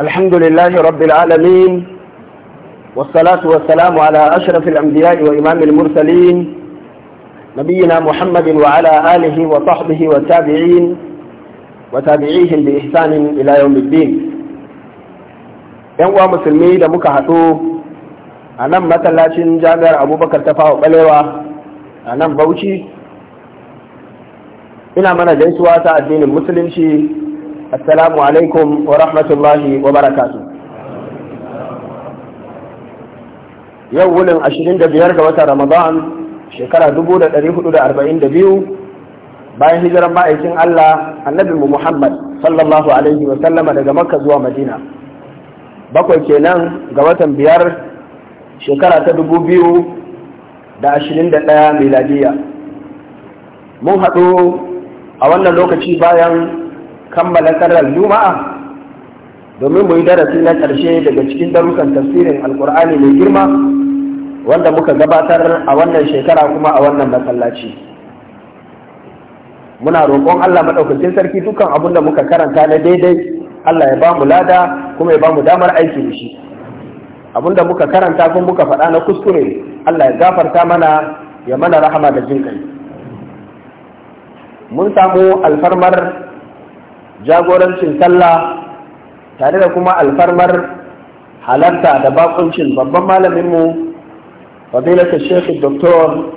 الحمد لله رب العالمين والصلاة والسلام على أشرف الأنبياء وإمام المرسلين نبينا محمد وعلى آله وصحبه والتابعين وتابعيهم بإحسان إلى يوم الدين ينوى مسلمي دمك هتو أنا مثلا جابر أبو بكر تفاو بلوى أنا بوشي ina mana gaisuwa ta addinin musulunci assalamu alaikum wa rahmatullahi wa barakatu yau wulin ashirin da biyar ga watan ramadan shekara dubu da da da hudu arba'in biyu, bayan hijirar ma'aikin Allah annabi mu Muhammad sallallahu alaihi wa sallama daga makka zuwa madina bakwai kenan ga watan biyar shekara ta dubu biyu da da ashirin ɗaya miladiya mun haɗu a wannan lokaci bayan kammala karar juma'a domin mu yi darasi na ƙarshe daga cikin darussan tafsirin alkur'ani mai girma wanda muka gabatar a wannan shekara kuma a wannan masallaci muna roƙon Allah maɗaukacin sarki dukkan abin da muka karanta na daidai Allah ya ba mu lada kuma ya ba mu damar aiki da shi abin da muka karanta kuma muka faɗa na kuskure Allah ya gafarta mana ya mana rahama da jin kai mun samu alfarmar jagorancin sallah tare da kuma alfarmar halarta da bakuncin babban malaminmu fadilata shekhi doktor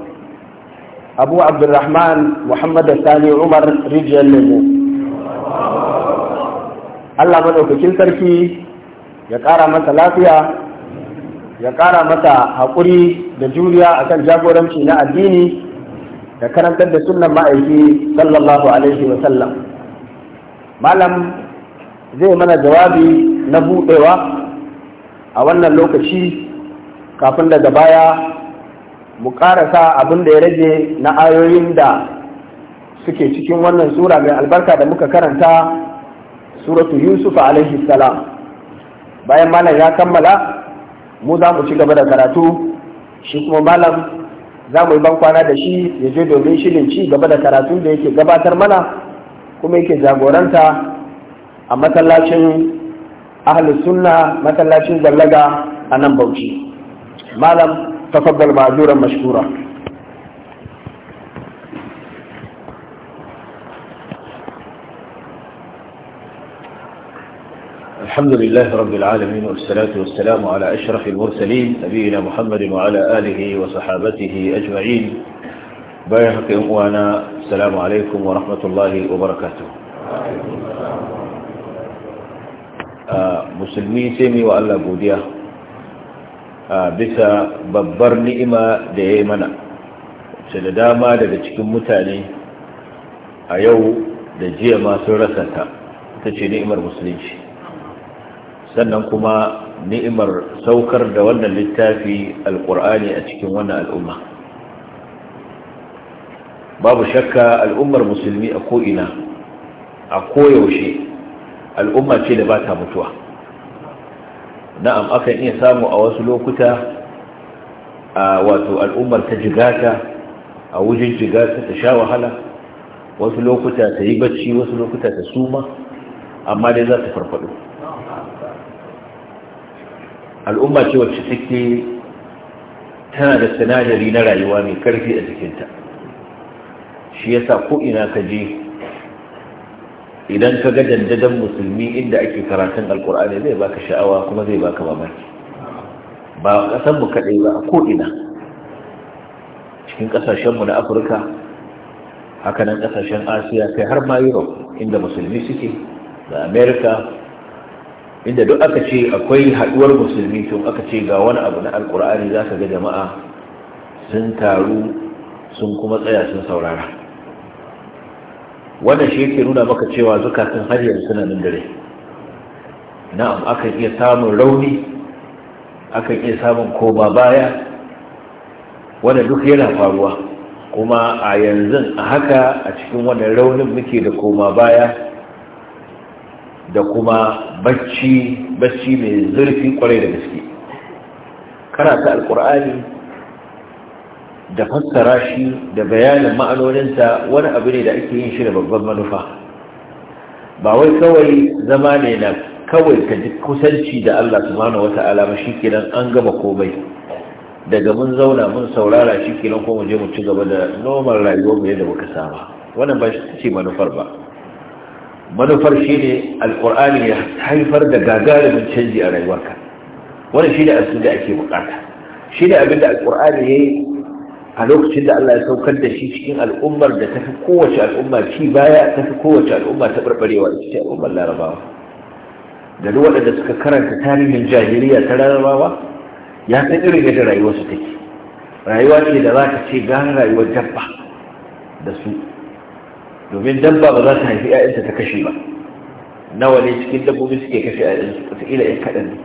abu abdulrahman muhammad sani umar rijiyar lemo allah maɗaukakin sarki ya ƙara masa lafiya ya ƙara masa haƙuri da juriya akan jagoranci na addini da karantar da sunan ma'aiki sallallahu alaihi wasallam malam zai mana jawabi na buɗewa a wannan lokaci kafin daga baya mu karasa abin da ya rage na ayoyin da suke cikin wannan sura mai albarka da muka karanta suratu yusuf alaihi salam bayan malam ya kammala mu za mu ci gaba da karatu shi kuma malam za mu yi bankwana da shi ya je domin shirin ci gaba da karatu da yake gabatar mana kuma yake jagoranta a matsalacin ahli sunna matsalacin zallaga a nan bauchi malam tafaddal ma'azuran mashkura الحمد لله رب العالمين والصلاة والسلام على أشرف المرسلين نبينا محمد وعلى آله وصحابته أجمعين bayan haka yin uwana salamu alaikum wa rahmatullahi wa barakatu musulmi sai mai wa Allah godiya bisa babbar ni'ima da ya yi mana sai da dama daga cikin mutane a yau da jiya masu rasanta ta ce ni'imar musulunci sannan kuma ni'imar saukar da wannan littafi alkur'ani a cikin wannan al'umma babu shakka al'ummar musulmi a ko'ina a koyaushe al'umma ce da ba ta mutuwa na'am akan iya samu a wasu lokuta a wato al'ummar ta jigata a wujin jigata ta sha wahala wasu lokuta ta yi bacci wasu lokuta ta suma amma dai za ta farfado al'umma ce wacce take tana da sinadari na rayuwa mai karfi a jikinta shi yasa ko ina ka je idan ka ga dandadan musulmi inda ake karatun alkur'ani zai baka sha'awa kuma zai baka mamaki ba kasan mu kadai ba ko ina cikin kasashen mu na Afirka haka nan kasashen Asiya kai har ma Europe inda musulmi suke da America inda duk aka ce akwai haduwar musulmi tun aka ce ga wani abu na alkur'ani zaka ga jama'a sun taru sun kuma tsaya sun saurara wannan shi yake nuna maka cewa zukatan har yanzu suna nan dare na'am akan iya samun rauni akan iya samun koma baya wanda duk yana faruwa kuma a yanzu a haka a cikin wannan raunin muke da koma baya da kuma bacci bacci mai zurfi kwarai da gaske karata alkur'ani da fassara shi da bayanin ma'anoninsa wani abu ne da ake yin shi da babban manufa ba wai kawai zama ne na kawai ka ji kusanci da Allah wata alama shi shikenan an gama komai daga mun zauna mun saurara shi shikenan ko muje je mu ci gaba da normal rayuwa mu yadda muka saba wannan ba shi ce manufar ba manufar shi ne Alƙur'ani ya haifar da gagarumin canji a rayuwarka wannan ne abin da ake bukata ne abin da ya yi. a lokacin da Allah ya saukar da shi cikin al'ummar da fi kowace al'umma ci baya tafi kowace al'umma ta barbarewa ita ce al'ummar larabawa da duk waɗanda suka karanta tarihin jahiliya ta larabawa ya san irin yadda rayuwarsu take rayuwa ce da za ta ce gane rayuwar dabba da su domin dabba ba za ta haifi 'ya'yanta ta kashe ba nawa ne cikin dabbobi suke kashe 'ya'yansu wataƙila 'yan kaɗan ne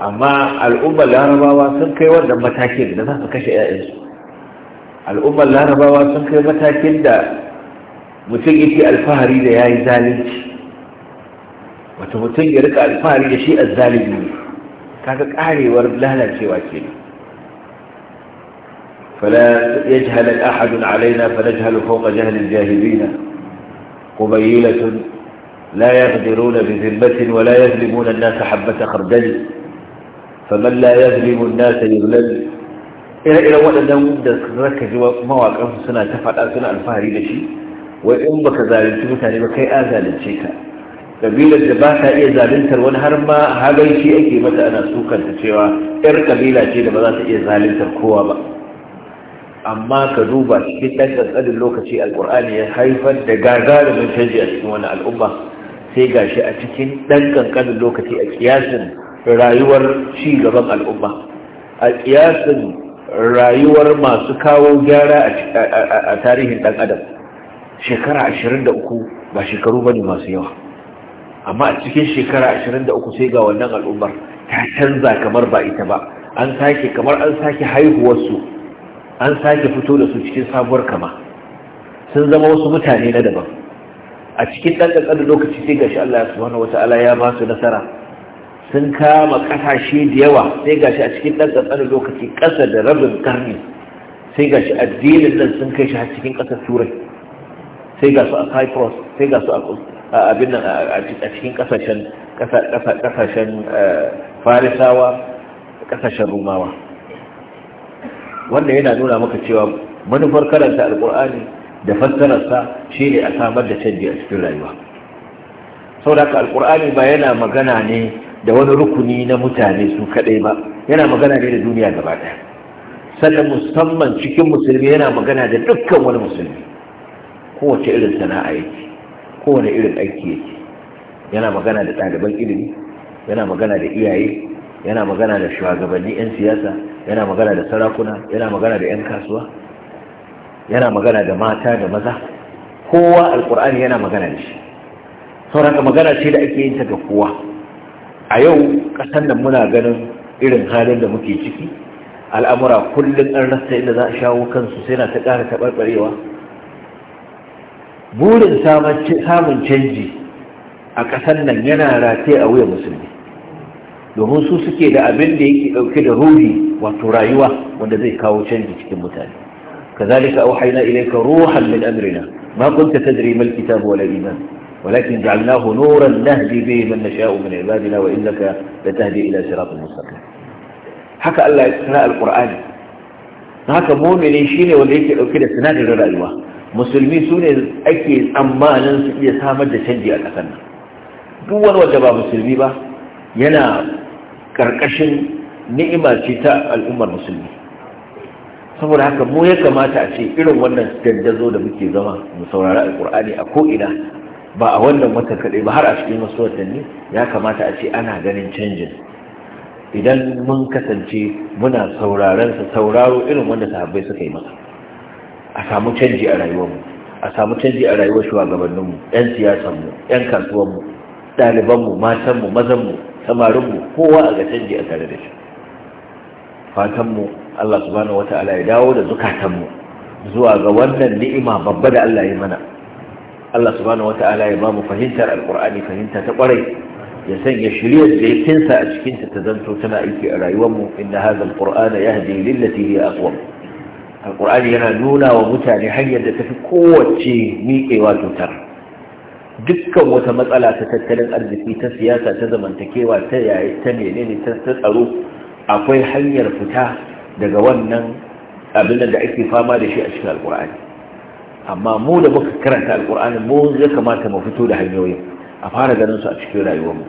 amma al'ummar larabawa sun kai wannan matakin da za su kashe 'ya'yansu al'ummar larabawa sun kai matakin da mutum yake alfahari da ya yi zalunci wata mutum ya rika alfahari da shi a zalimi ne kaga karewar lalacewa ce ne فلا يجهل أحد علينا فنجهل فوق جهل الجاهلين قبيلة لا يقدرون بذمة ولا يظلمون الناس حبة خردل faman la yazlimu an-nasa yuzlam ire waɗannan da zaka ji mawakan suna ta faɗa suna alfahari da shi wai in baka zalunci mutane ba kai an zalunce ka kabilar da ba ta iya zaluntar wani har ma haganci ake mata ana sukanta cewa yar kabila ce da ba za ta iya zaluntar kowa ba amma ka duba cikin ɗan tsantsanin lokaci alkur'ani ya haifar da gagarumin canji a cikin wani al'umma sai gashi a cikin ɗan ƙanƙanin lokaci a kiyasin rayuwar ci gaban al'umma a kiyasin rayuwar masu kawo gyara a tarihin dan adam shekara 23 ba shekaru bane masu yawa amma a cikin shekara 23 sai ga wannan al'ummar ta canza kamar ba ita ba an sake kamar an sake haihuwarsu an sake fito da su cikin sabuwar kama sun zama wasu mutane na daban a cikin ɗan ƙanƙanin lokaci sai gashi Allah subhanahu wata'ala ya ba su nasara sun kama kasashe da yawa sai ga shi a cikin ɗan ƙasar lokaci ƙasa da rabin karni sai ga shi addinin nan sun kai shi a cikin ƙasar turai sai ga su a cyprus sai su a abin nan a cikin ƙasashen eh, farisawa ƙasashen rumawa wannan yana nuna maka cewa manufar karanta alƙur'ani da fassararsa shi ne a samar da canji a cikin rayuwa da haka alƙur'ani ba yana magana ne da wani rukuni na mutane su kadai ba yana magana ne da duniya gaba ɗaya. sannan musamman cikin musulmi yana magana da dukkan wani musulmi kowace irin sana'a yake kowane irin aiki yake yana magana da ɗaliban ilimi yana magana da iyaye yana magana da shugabanni 'yan siyasa yana magana da sarakuna yana magana da 'yan kasuwa yana magana da mata da maza kowa alkur'ani yana magana da shi sauraka magana ce da ake yin ta ga kowa a yau ƙasar nan muna ganin irin halin da muke ciki al'amura kullum an rasta inda za a shawo kansu sai na ta ƙara taɓarɓarewa burin samun canji a ƙasar nan yana rataye a wuyan musulmi domin su suke da abin da yake ɗauke da ruhi wato rayuwa wanda zai kawo canji cikin mutane kazalika auhayna ilayka ruhan min amrina ma kunta tadri mal kitab wal iman ولكن جعلناه نورا نهدي به من نشاء من عبادنا وإنك لتهدي إلى صراط مستقيم haka Allah ya tsara alƙur'ani haka momini shine wanda yake ɗauke da sinadarin rayuwa musulmi su ake tsammanin su iya samar da canji a ƙasar nan duk wani wanda ba musulmi ba yana ƙarƙashin ni'ima ce ta al'ummar musulmi saboda haka mu ya kamata a ce irin wannan dandazo da muke zama mu saurari alkur'ani a ko'ina ba a wannan wata kaɗai ba har a cikin wasu watanni ya kamata a ce ana ganin canjin idan mun kasance muna sauraron sa sauraro irin wanda sahabbai suka yi masa a samu canji a rayuwarmu a samu canji a rayuwar shugabanninmu 'yan siyasarmu 'yan kasuwanmu ɗalibanmu matanmu mazanmu samarinmu kowa a ga canji a tare da shi fatanmu Allah subhanahu wata'ala ya dawo da zukatanmu zuwa ga wannan ni'ima babba da Allah ya mana Allah subhanahu wata'ala ya ba mu fahimtar alkur'ani fahimta ta kwarai ya sanya shiriyar da yakinsa a cikinta ta zanto tana aiki a rayuwarmu inna hadha alqur'ana yahdi lillati hiya aqwam alqur'ani yana nuna wa mutane hanyar da tafi kowace miƙewa cutar. dukkan wata matsala ta tattalin arziki ta siyasa ta zamantakewa ta yayi ta menene ta tsaro akwai hanyar fita daga wannan abin da ake fama da shi a cikin alkur'ani amma mu da muka karanta alkur'ani mu ya kamata mu fito da hanyoyin a fara ganin su a cikin rayuwarmu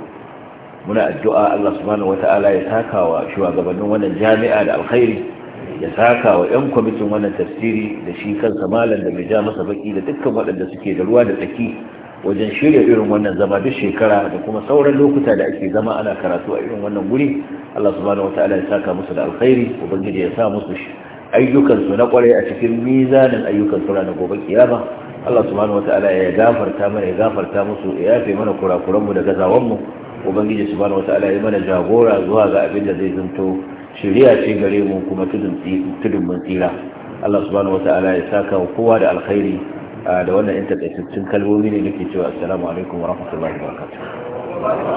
muna addu'a Allah subhanahu wata'ala ya saka wa shugabannin wannan jami'a da alkhairi ya saka wa yan kwamitin wannan tafsiri da shi kansa malam da mai ja masa baki da dukkan waɗanda suke da ruwa da tsaki wajen shirya irin wannan zama duk shekara da kuma sauran lokuta da ake zama ana karatu a irin wannan guri Allah subhanahu wata'ala ya saka musu da alkhairi ubangiji ya sa musu ayyukansu na kwarai a cikin mizanin ayyukansu ranar gobe kiyama Allah subhanahu wata'ala ya gafarta mana ya gafarta musu ya yafe mana mu da gazawanmu ubangiji subhanahu wata'ala ya mana jagora zuwa ga abin da zai zanto shiriya ce gare mu kuma tudun mun tsira Allah subhanahu wata'ala ya saka kowa da alkhairi da wannan yan kalmomi ne nake cewa assalamu alaikum wa rahmatullahi wa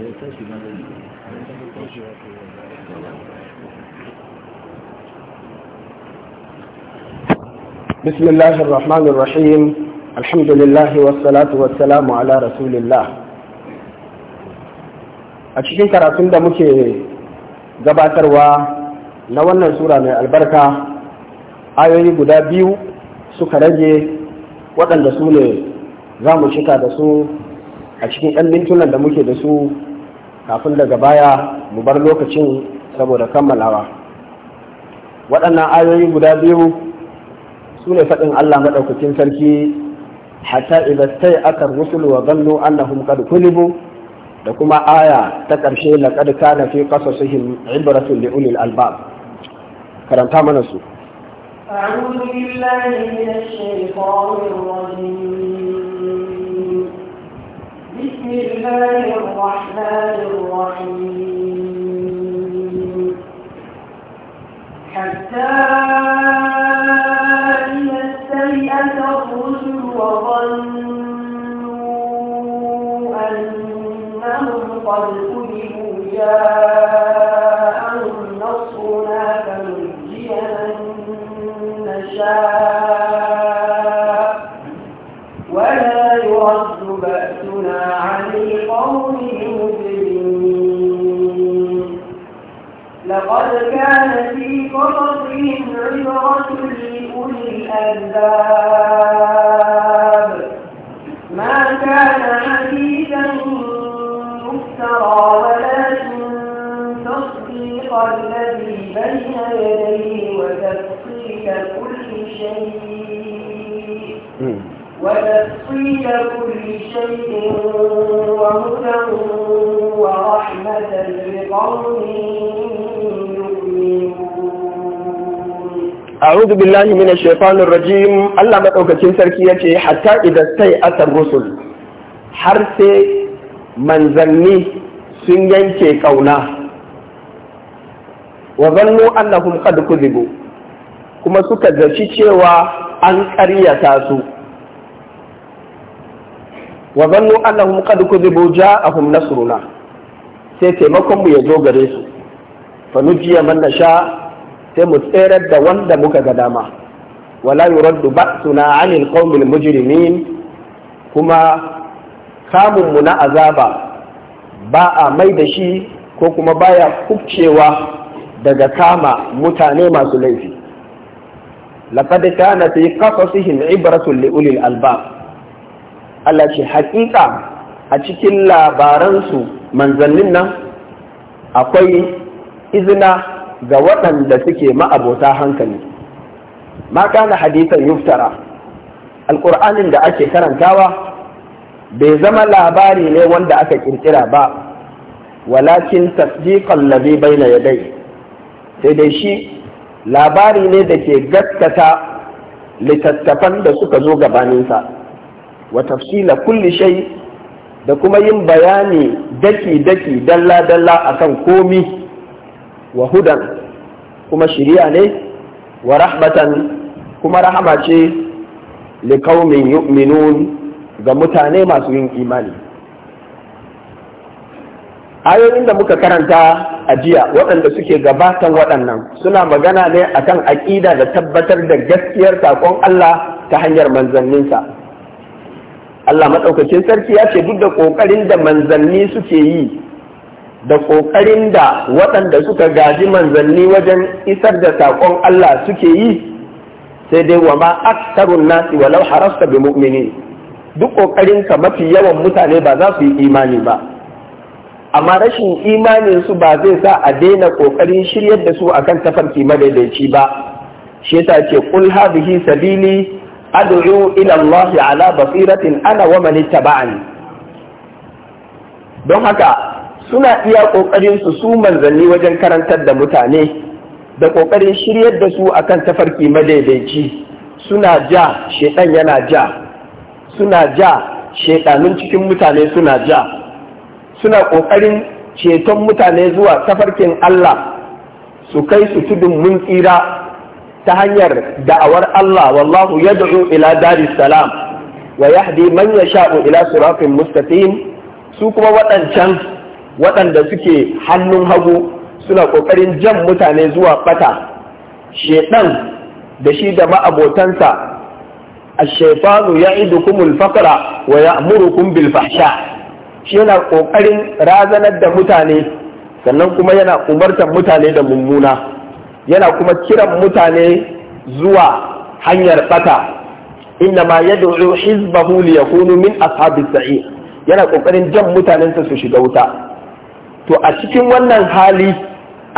بسم الله الرحمن الرحيم الحمد لله والصلاة والسلام على رسول a cikin karatun da muke gabatarwa na wannan sura mai albarka ayoyi guda biyu suka rage waɗanda su ne za mu cika da su a cikin 'yan mintunan da muke da su kafin daga baya mu bar lokacin saboda kammalawa waɗannan ayoyi guda biyu su ne faɗin Allah maɗaukakin sarki hatta idza stai'aka aka rusul wa zannu annahum qad kulibu da kuma aya ta ƙarshe laqad kana fi qasasihim ibratun li ulil albab karanta mana su أعوذ بالله من الشيطان الرجيم بسم الله الرحمن الرحيم وظنوا أنهم قد كذبوا جاءوا قد كان في قصصهم عبرة لأولي الألباب ما كان حديثا مفترى ولكن تصديق الذي بين يديه وتفصيل كل شيء وتفصيل كل شيء وهدى ورحمة لقومه أعوذ بالله من الشيطان الرجيم الله مدوكاكين سركي يتي حتى إذا استيأس الرسل حرس من منزلني سنينك كونا وظنوا أنهم قد كذبوا كما سكذشي تشيوا أن كريتاسو وظنوا أنهم قد كذبوا جاءهم نصرنا سيتي مكم يزوغ ريسو فنجي من نشاء sai mu tserar da wanda muka ga dama wala yuraddu ba'suna 'anil qaumil mujrimin kuma kamun mu na azaba ba a mai da shi ko kuma baya kubcewa daga kama mutane masu laifi laqad kana fi qasasihim ibratun li ulil albab Allah ce haƙiƙa a cikin labaransu manzannin nan akwai izina ga waɗanda suke ma'abota hankali ma kana hadisan yuftara alƙur'anin da ake karantawa bai zama labari ne wanda aka ƙirƙira ba walakin tasdiqan ladhi baina yadayhi sai dai shi labari ne da ke gaskata littattafan da suka zo gabaninsa wa tafsila kulli da kuma yin bayani daki daki dalla dalla akan komi wa hudan kuma shiriya ne wa rahmatan kuma rahama ce liqaumin yu'minun ga mutane masu yin imani ayoyin da muka karanta a jiya waɗanda suke gabatan waɗannan suna magana ne kan aƙida da tabbatar da gaskiyar saƙon Allah ta hanyar manzanninsa Allah maɗaukakin sarki ya ce duk da ƙoƙarin da manzanni suke yi da ƙoƙarin da waɗanda suka gaji manzanni wajen isar da saƙon Allah suke yi sai dai wa ma aksarun nasi walau harasta bi mu'mini duk ƙoƙarin ka mafi yawan mutane ba za su yi imani ba amma rashin imanin su ba zai sa a daina ƙoƙarin shiryar da su akan tafarki madaidaici ba shi yasa ce qul hadhihi sabili ad'u ila Allah ala basiratin ana wa man ittaba'ani don haka suna iya ƙoƙarin su su manzanni wajen karantar da mutane da ƙoƙarin shiryar da su akan tafarki madaidaici suna ja shedan yana ja suna ja shedanun cikin mutane suna ja suna ƙoƙarin ceton mutane zuwa tafarkin Allah su kai su tudun mun tsira ta hanyar da'awar Allah wallahu yad'u ila daris salam wa yahdi man yasha'u ila siratin mustaqim su kuma waɗancan waɗanda suke hannun hagu suna ƙoƙarin jan mutane zuwa ɓata shedan da shi da ma'abotansa A ya wa ya muru kun bilfasha shi yana ƙoƙarin razanar da mutane sannan kuma yana umartar mutane da mummuna yana kuma kiran mutane zuwa hanyar ɓata, inna ma yad'u hizbahu liyakunu min ashabi sa'i. yana ƙoƙarin jan mutanensa su shiga wuta to a cikin wannan hali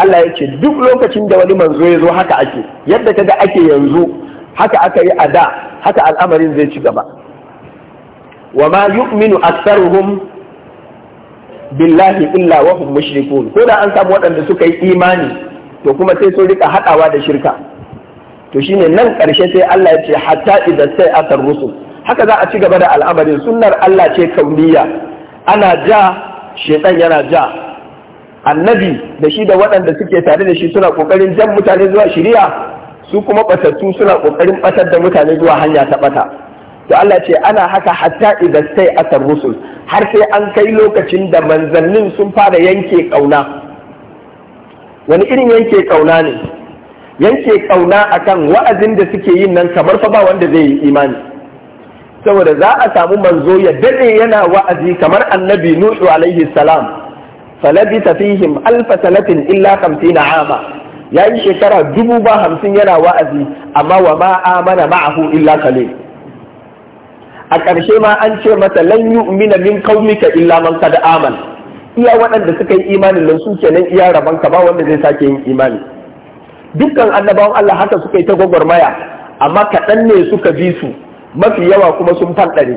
Allah ya ce duk lokacin da wani manzo ya zo haka ake yadda kaga ake yanzu haka aka yi a da haka al'amarin zai ci gaba wa ma yu'minu aktharuhum billahi illa wa hum mushrikun ko da an samu waɗanda suka yi imani to kuma sai sun rika hadawa da shirka to shine nan ƙarshe sai Allah ya ce hatta idan sai asar rusul haka za a ci gaba da al'amarin sunnar Allah ce kauniya ana ja shedan yana ja annabi da shi da waɗanda suke tare da shi suna ƙoƙarin jan mutane zuwa shiriya su kuma ɓatattu suna ƙoƙarin ɓatar da mutane zuwa hanya ta ɓata to Allah ce ana haka hatta idan sai asar rusul har sai an kai lokacin da manzannin sun fara yanke ƙauna wani irin yanke ƙauna ne yanke ƙauna akan wa'azin da suke yin nan kamar fa ba wanda zai yi imani saboda za a samu manzo ya dade yana wa'azi kamar annabi nuhu alaihi salam falabisa fihim alfa sanatin illa 50 ama ya yi shekara dubu ba hamsin yana wa'azi amma wa ma amana ma'ahu illa kale a ƙarshe ma an ce masa lan yu'mina min qaumika illa man kada aman iya waɗanda suka yi imanin nan su kenan iya raban ka ba wanda zai sake yin imani dukkan annabawan Allah haka suka yi ta gwagwarmaya amma kaɗan ne suka bi su mafi yawa kuma sun fanɗare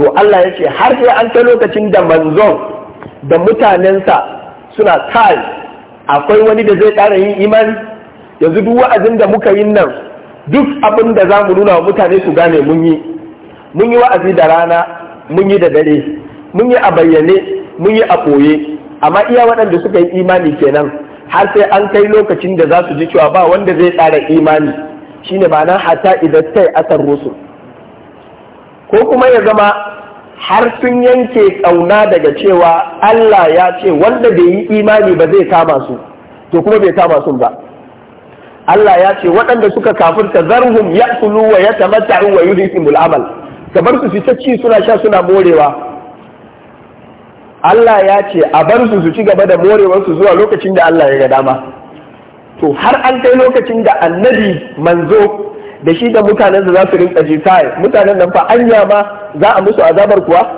to Allah ya ce har sai an ta lokacin da manzon da mutanensa suna kai akwai wani da zai ƙara yin imani yanzu duk wa'azin da muka yin nan duk abin da za mu nuna wa mutane su gane mun yi mun yi wa'azi da rana mun yi da dare mun yi a bayyane mun yi a koye amma iya waɗanda suka yi imani kenan har sai an kai lokacin da za su ji cewa ba wanda zai tsara imani shine nan hata idan sai asar rusul ko kuma ya zama har sun yanke tsauna daga cewa Allah ya ce wanda bai yi imani ba zai kama su to kuma bai kama su ba Allah ya ce waɗanda suka kafirta zarhum ya kulu wa ya tamatta'u wa yudhimul amal bar su fita ci suna sha suna morewa Allah ya ce a bar su su ci gaba da morewar su zuwa lokacin da Allah ya ga dama to har an kai lokacin da annabi manzo da shi da mutanen da za su rinka ji mutanen nan fa anya ma za a musu azabar kuwa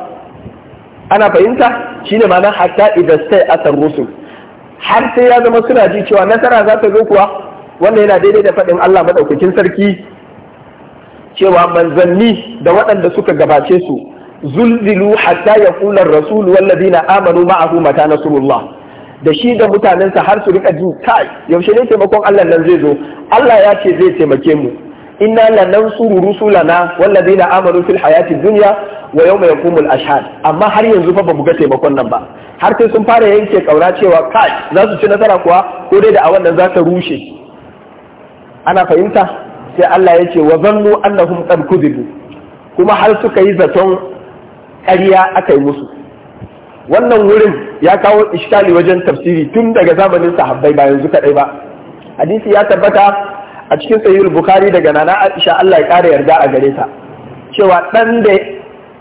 ana fahimta Shi ne ma'ana hatta idan sai asar rusul har sai ya zama suna ji cewa nasara za ta zo kuwa wannan yana daidai da faɗin Allah maɗaukacin sarki cewa manzanni da waɗanda suka gabace su zulzilu hatta kula rasulu rasul na amanu ma'ahu mata nasrullah da shi da mutanensa har su rika jin kai yaushe ne taimakon Allah nan zai zo Allah ya ce zai taimake mu inna lanansuru rusulana wallazina amanu fil hayati dunya wa yawma yaqumul ashhad amma har yanzu fa bamu ga taimakon nan ba har sai sun fara yanke kaura cewa kai za su ci nasara kuwa ko dai da a wannan za ta rushe ana fahimta sai Allah ya ce wa zannu annahum qad kudibu kuma har suka yi zaton ƙarya aka yi musu wannan wurin ya kawo iskali wajen tafsiri tun daga zamanin sahabbai ba yanzu kadai ba hadisi ya tabbata a cikin sahihul bukhari daga nana aisha Allah ya kara yarda a gare ta cewa dan da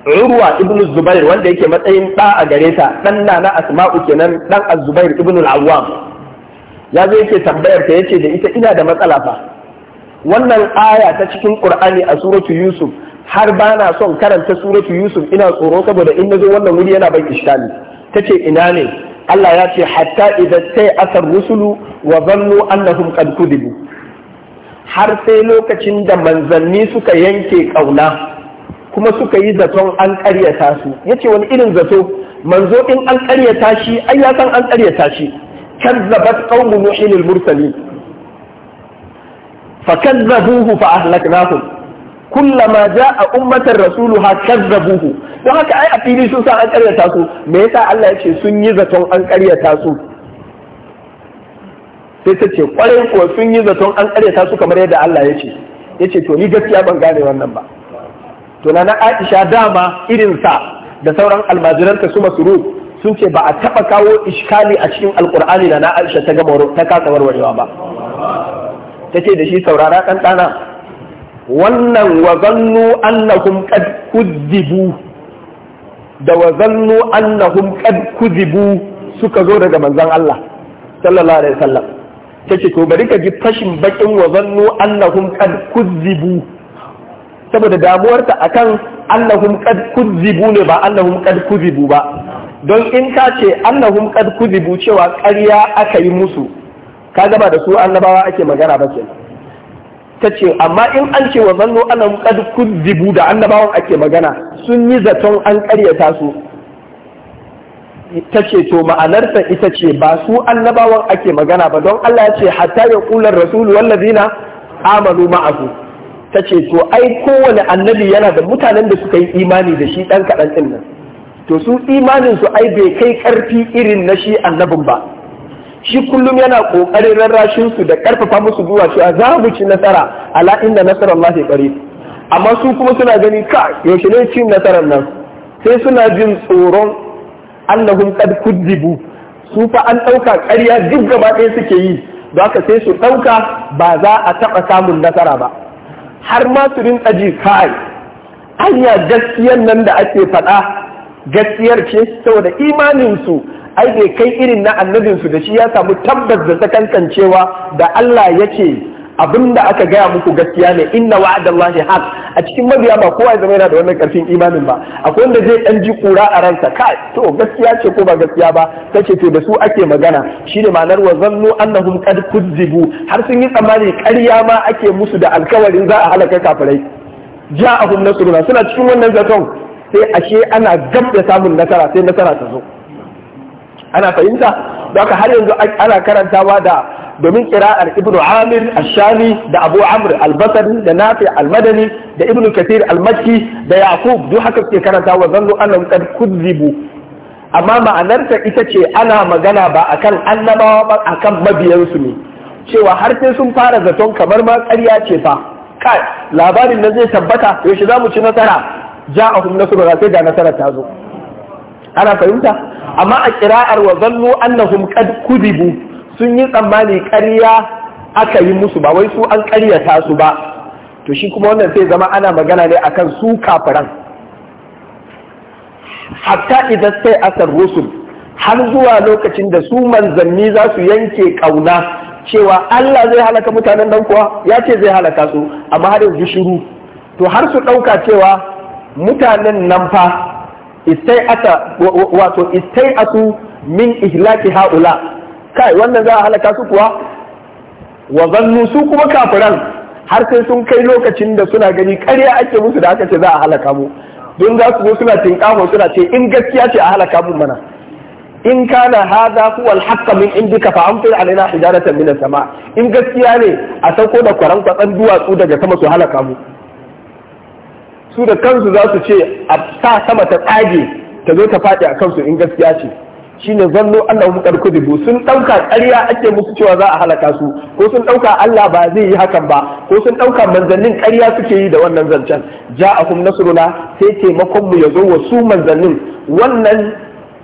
urwa ibn zubair wanda yake matsayin da a gare ta dan nana asma'u kenan dan az-zubair ibn al-awwam ya zo yake tambayar ta yace da ita ina da matsala fa wannan aya ta cikin qur'ani a suratu yusuf har ba na son karanta suratu yusuf ina tsoro saboda in nazo wannan wuri yana ban iskali tace ina ne Allah ya ce hatta idan sai asar rusulu wa zannu annahum qad kudibu har sai lokacin da manzanni suka yanke ƙauna kuma suka yi zaton an ƙaryata su ya ce wani irin zato manzo in an ƙaryata shi ai ya san an ƙaryata shi kazzabat qaumu nuhin al-mursalin fa kazzabuhu fa ahlaknahum kullama jaa ummatar rasuluha kazzabuhu don haka ai a fili sun san an ƙaryata su me yasa Allah ya ce sun yi zaton an ƙaryata su sai ta ce kwarai kuwa yi zaton an ta su kamar yadda Allah ya ce ya ce to ni gaskiya ban gane wannan ba to na na Aisha dama irinsa da sauran almajiranta su masuru sun ce ba a taɓa kawo iskali a cikin alkur'ani na na Aisha ta gama ta kasa warwarewa ba Ta ce da shi saurara dan dana wannan wa zannu annahum qad kudzibu da wa zannu annahum qad kudzibu suka zo daga manzon Allah sallallahu alaihi wasallam ce to bari ka ji fashin bakin wa zannu annahum kad kuzzibu saboda damuwarta akan annahum kad kuzzibu ne ba annahum kad kuzibu ba don in ka ce annahum kad kuzibu cewa ƙarya aka yi musu ka gaba da su annabawa ake magana ba Ta ce amma in an ce wa zannu annahum kad kuzibu da annabawan ake magana sun yi zaton an ƙaryata su ta ce to ma'anarsa ita ce ba su annabawan ake magana ba don Allah ya ce hatta ya kular rasulu wallazina amanu ma'azu, ta ce to ai kowane annabi yana da mutanen da suka yi imani da shi dan kaɗan ɗin nan to su imanin su ai bai kai ƙarfi irin na shi annabin ba shi kullum yana ƙoƙarin rarrashin su da ƙarfafa musu zuwa cewa za mu ci nasara ala inda nasarar ya ƙari amma su kuma suna gani ka yaushe ne cin nasarar nan sai suna jin tsoron annahum qad kudzibu su fa an ɗauka ƙarya duk gaba ɗaya suke yi don haka sai su ɗauka ba za a taɓa samun nasara ba har ma su rinka ji kai anya gaskiyar nan da ake faɗa gaskiyar ce saboda imaninsu ai bai kai irin na annabinsu da shi ya samu tabbas da kankancewa da Allah yake abin da aka gaya muku gaskiya ne inna wa'adallahi haq a cikin mabiya ba kowa ya zama yana da wannan karfin imanin ba akwai wanda zai dan ji kura a ransa kai to gaskiya ce ko ba gaskiya ba sai to da su ake magana shine ma'anar wa zannu annahum qad kudzibu har sun yi tsammani ƙarya ma ake musu da alkawarin za a halaka kafirai ja'ahum nasruna suna cikin wannan zaton sai ashe ana gab da samun nasara sai nasara ta zo ana fahimta don haka har yanzu ana karantawa da domin kira'ar ibnu amir ashami da abu amr albasari da nafi almadani da ibnu kathir almakki da yaqub duk haka suke karanta wa zannu annahum qad kudzibu amma ma'anarta ita ce ana magana ba akan annabawa ba akan mabiyansu ne cewa har sai sun fara zaton kamar ma ƙarya ce fa kai labarin nan zai tabbata yaushe za mu ci nasara ja'ahum nasruna sai ga nasara ta zo ana fahimta amma a kira'ar wa zannu annahum qad sun yi tsammani ƙarya aka yi musu ba wai su an ƙaryata su ba to shi kuma wannan sai zama ana magana ne akan su kafiran hatta idan sai asar rusul har zuwa lokacin da su manzanni za su yanke ƙauna cewa Allah zai halaka mutanen nan kuwa ya ce zai halaka su amma har yanzu shiru to har su ɗauka cewa mutanen nan fa istai ata wato istai asu min ihlaki haula kai wannan za a halaka su kuwa wa zannu su kuma kafiran har sai sun kai lokacin da suna gani karya ake musu da aka ce za a halaka mu don za su zo suna tinkaho suna ce in gaskiya ce a halaka mu mana in kana hadha huwa al min indika fa amtir alaina hijaratan min sama in gaskiya ne a sauko da kwaran kwatsan duwatsu daga sama su halaka mu su da kansu za su ce a sa sama ta tsage ta zo ta faɗi a kansu in gaskiya ce shine zanno annahum qad kudibu sun dauka ƙarya ake musu cewa za a halaka su ko sun dauka Allah ba zai yi hakan ba ko sun dauka manzannin ƙarya suke yi da wannan zancen ja'akum nasruna sai taimakon mu yazo wa su manzannin wannan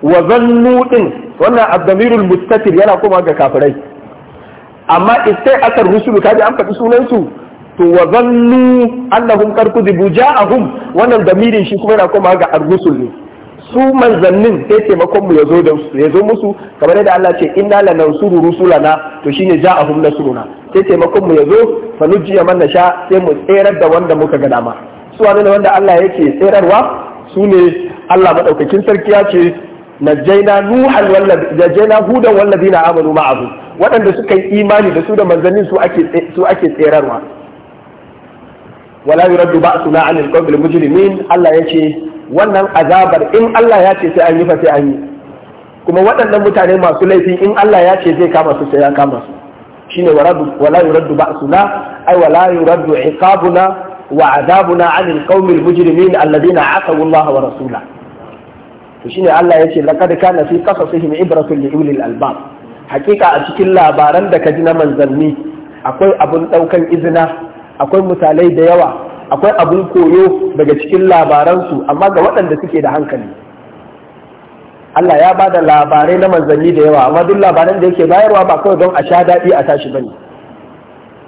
wa zannu din wannan abdamirul mustatir yana kuma ga kafirai amma istai asar ka ji an faɗi sunan su to wa zannu annahum karku kudibu ja'ahum wannan damirin shi kuma yana koma ga ar-rusul su manzannin sai taimakon mu yazo da su yazo musu kamar yadda Allah ce inna lanansuru rusulana to shine ja'ahum nasruna sai taimakon mu yazo fa nujiya man nasha sai mu tserar da wanda muka ga dama su wani ne wanda Allah yake tserarwa su ne Allah madaukakin sarki ya ce najaina nuhan wallabi najaina hudan wallabina amanu ma'ahu waɗanda suka yi imani da su da manzannin su ake su ake tserarwa wala yuraddu ba'suna 'anil qawmil mujrimin Allah yace wannan azabar in Allah ya ce sai an yi fa sai an yi kuma waɗannan mutane masu laifi in Allah ya ce zai kama su sai ya kama su shine wala yuraddu ba'suna ay wala yuraddu iqabuna wa azabuna 'anil qaumil mujrimin alladhina 'asaw Allah wa rasula to shine Allah yace laqad kana fi qasasihim ibratun li ulil albab hakika a cikin labaran da kaji na manzanni akwai abun daukan izina akwai misalai da yawa akwai abun koyo daga cikin labaransu amma ga waɗanda suke da hankali Allah ya ba da labarai na manzanni da yawa amma duk labaran da yake bayarwa ba kawai don a sha daɗi a tashi bane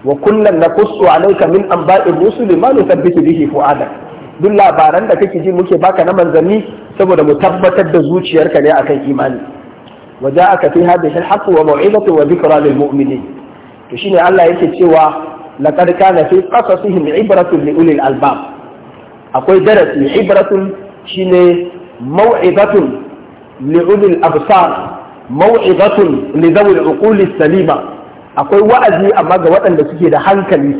wa kullum na kusu alaika min an ba'in rusuli ma nusabbitu bihi fu'ada duk labaran da kake ji muke baka na manzanni saboda mu tabbatar da zuciyarka ne akan imani wa ja'aka fi hadhihi al-haqq wa maw'izatu wa dhikra lil mu'minin to shine Allah yake cewa laqad kana fi qasasihim ibratun li ulil albab akwai darasi ibratun shine mau'izatun li ulil absar mau'izatun li zawil uquli salima akwai wa'azi amma ga waɗanda suke da hankali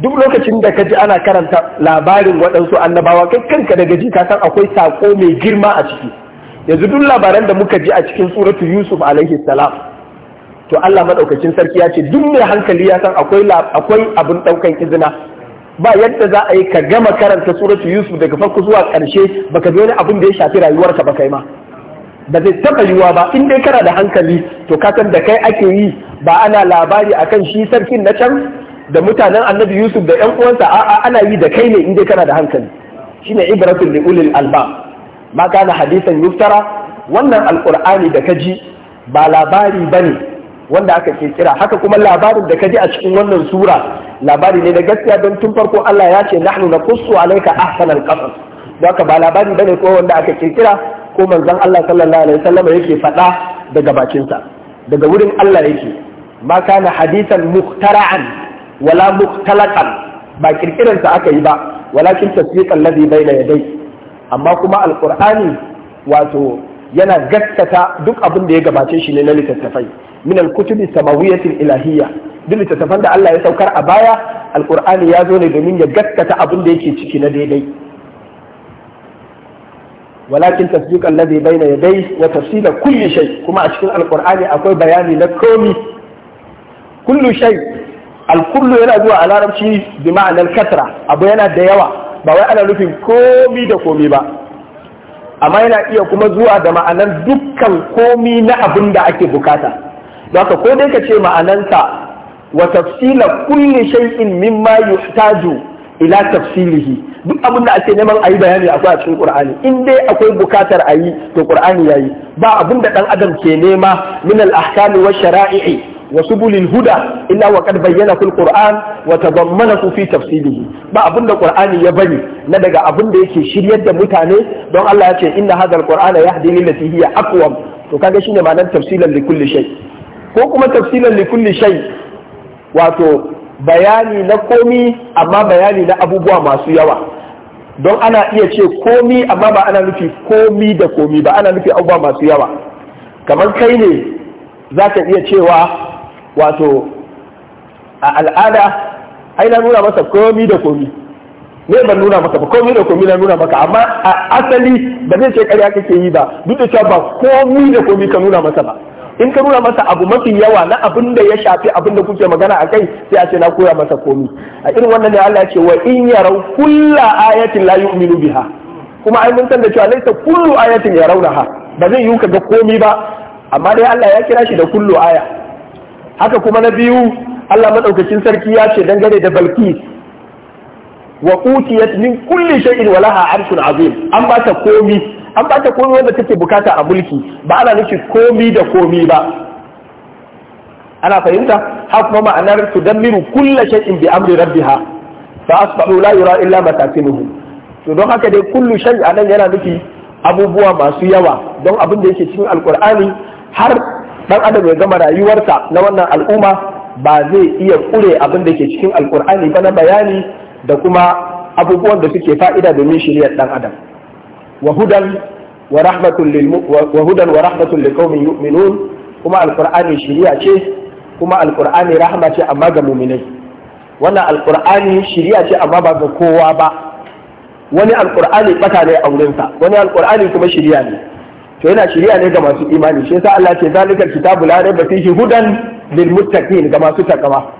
duk lokacin da ka ji ana karanta labarin waɗansu annabawa kai kanka daga ji ka akwai saƙo mai girma a ciki yanzu duk labaran da muka ji a cikin suratu yusuf alaihi salam to Allah maɗaukacin sarki ya ce duk mai hankali ya san akwai akwai abin daukan izina ba yadda za a yi ka gama karanta suratu yusuf daga farko zuwa karshe baka bi wani abin da ya shafi rayuwarka ba kai ma ba zai taba yiwa ba in dai kana da hankali to ka san da kai ake yi ba ana labari akan shi sarkin na can da mutanen annabi yusuf da yan uwansa a'a ana yi da kai ne in dai kana da hankali shine ibratul li ulil alba ma kana hadisan yuftara wannan alqur'ani da ka ji ba labari bane wanda aka ke kira haka kuma labarin da ka ji a cikin wannan sura labari ne da gaskiya don tun farko Allah ya ce nahnu naqussu alayka ahsanal qasas haka ba labari bane ko wanda aka ke kira ko manzon Allah sallallahu alaihi wasallam yake faɗa daga bakinsa daga wurin Allah yake ma kana hadisan muhtara'an wala muhtalaqan ba kirkiransa aka yi ba walakin tasdiqan ladhi bayna yadayhi amma kuma alqur'ani wato yana gaskata duk abin da ya gabace shi ne na littattafai min al-kutubi samawiyyatil ilahiyya duk littattafan da Allah ya saukar a baya alqur'ani ya zo ne domin ya gaskata abin da yake ciki na daidai walakin tasdiq alladhi bayna yadayhi wa tafsila kulli shay kuma a cikin alqur'ani akwai bayani na komi kullu shay al-kullu yana zuwa a larabci bi ma'anar katra abu yana da yawa ba wai ana nufin komi da komi ba amma yana iya kuma zuwa da ma'anar dukkan komi na abin da ake bukata haka ko dai ka ce ma'anansa wa tafsila kulli shay'in mimma yuhtaju ila tafsilihi duk abin da ake neman a yi bayani akwai a cikin qur'ani in dai akwai bukatar ayi to qur'ani yayi ba abin da dan adam ke nema min al ahkami wa shara'i'i وسبل الهدى إلا wata بينه القرآن وتضمنه في تفصيله ba abin da Qur'ani ya bari na daga abin da yake shiryar da mutane don Allah ya ce inna hadha al-Qur'ana yahdi lillati hiya aqwam to kaga shine ma'anar tafsilan li kulli shay ko kuma tafsilan kulli shay wato bayani na komi amma bayani na abubuwa masu yawa don ana iya ce komi amma ba ana nufi komi da komi ba ana nufi abubuwa masu yawa kamar kai ne za ka iya cewa wato a al'ada ai na nuna masa komi da komi ne ban nuna maka ba komi da komi na nuna maka amma a asali ba zai ce karya kake yi ba duk da cewa ba komi da komi ka nuna masa ba in ka nuna masa abu mafi yawa na abin da ya shafi abin da kuke magana a kai sai a ce na koya masa komi a irin wannan ne Allah ya ce wa in yarau kulla ayatin la yu'minu biha kuma ai mun san da cewa laisa kullu ayatin raunaha, ba zai yi ka ga komi ba amma dai Allah ya kira shi da kullu aya haka kuma na biyu Allah madaukakin sarki ya ce dangane da Balkis wa utiyat min kulli shay'in wa laha arshun azim an ba ta komi an bata komi wanda take bukata a mulki ba ana nufi komi da komi ba ana fahimta ha kuma ma'anar tudammiru kulla shay'in bi amri rabbiha fa asbahu la yura illa masasinuhu to don haka dai kullu a anan yana nufi abubuwa masu yawa don abin da yake cikin alkur'ani har dan adam ya gama rayuwarsa na wannan al'umma ba zai iya kure abin da ke cikin alkur'ani ba na bayani da kuma abubuwan da suke fa'ida domin shiryar dan adam wa hudan wa rahmatul lil wa kuma alqur'ani shiriya ce kuma alqur'ani rahma ce amma ga mu'minai wannan alqur'ani shiriya ce amma ba ga kowa ba wani alqur'ani ne wani kuma shiriya ne to yana shiriya ne ga masu imani shi yasa Allah ce zalika kitabu la raiba fihi hudan lil muttaqin ga masu takawa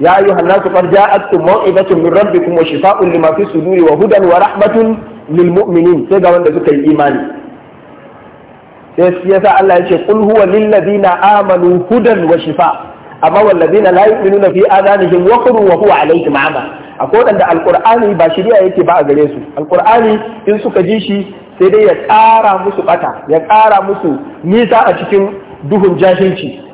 يا أيها الناس قد جاءتكم موعظة من ربكم وشفاء لما Wa hudan wa rahmatun. Lilmuminin mu'minin sai ga wanda suka yi imani sai yasa Allah yace ce qul huwa lil amanu hudan wa shifa amma wal ladina la yu'minuna fi adanihim waqrun wa huwa alaihim ama akwai wanda alqur'ani ba shari'a yake ba a gare su alqur'ani in suka ji shi sai dai ya ƙara musu bata ya ƙara musu nisa a cikin duhun jahilci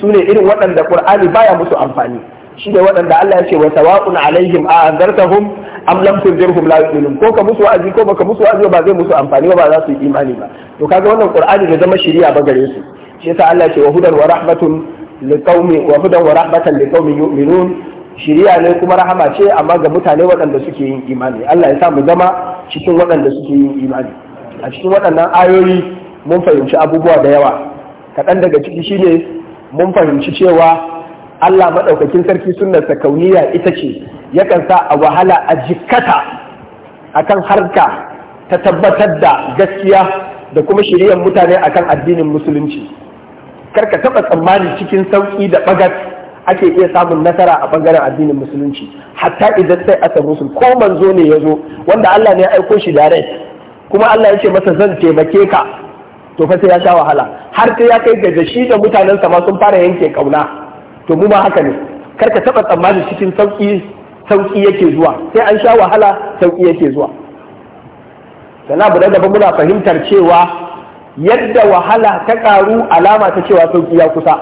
Sune irin waɗanda qur'ani baya musu amfani shi ne waɗanda Allah yace ce wa sawa'un alaihim a anzartahum am lam tunzirhum la yu'minun ko ka musu wa'azi ko baka musu wa'azi ba zai musu amfani ba za su yi imani ba to kaga wannan qur'ani da zama shari'a ba gare su shi yasa Allah ce wa hudan wa rahmatun liqaumi wa hudan wa rahmatan yu'minun shari'a ne kuma rahama ce amma ga mutane waɗanda suke yin imani Allah ya sa mu zama cikin waɗanda suke yin imani a cikin waɗannan ayoyi mun fahimci abubuwa da yawa kaɗan daga ciki shine mun fahimci cewa Allah maɗaukakin sarki sunnarsa kauniya ita ce yakan sa a wahala a jikkata akan harka ta tabbatar da gaskiya da kuma shiriyar mutane akan addinin musulunci karka taɓa tsammani cikin sauƙi da bagat ake iya samun nasara a bangaren addinin musulunci hatta idan sai a samu ko manzo ne ya zo wanda Allah ne ya aiko shi da rai kuma Allah ya ce masa zan taimake ka to fa sai ya sha wahala har sai ya kai ga shi da mutanen sa sun fara yanke ƙauna, to mu ma haka ne karka taɓa tsammani cikin sauƙi sauki yake zuwa sai an sha wahala sauki yake zuwa sannan abu da gaba muna fahimtar cewa yadda wahala ta karu alama ta cewa sauki ya kusa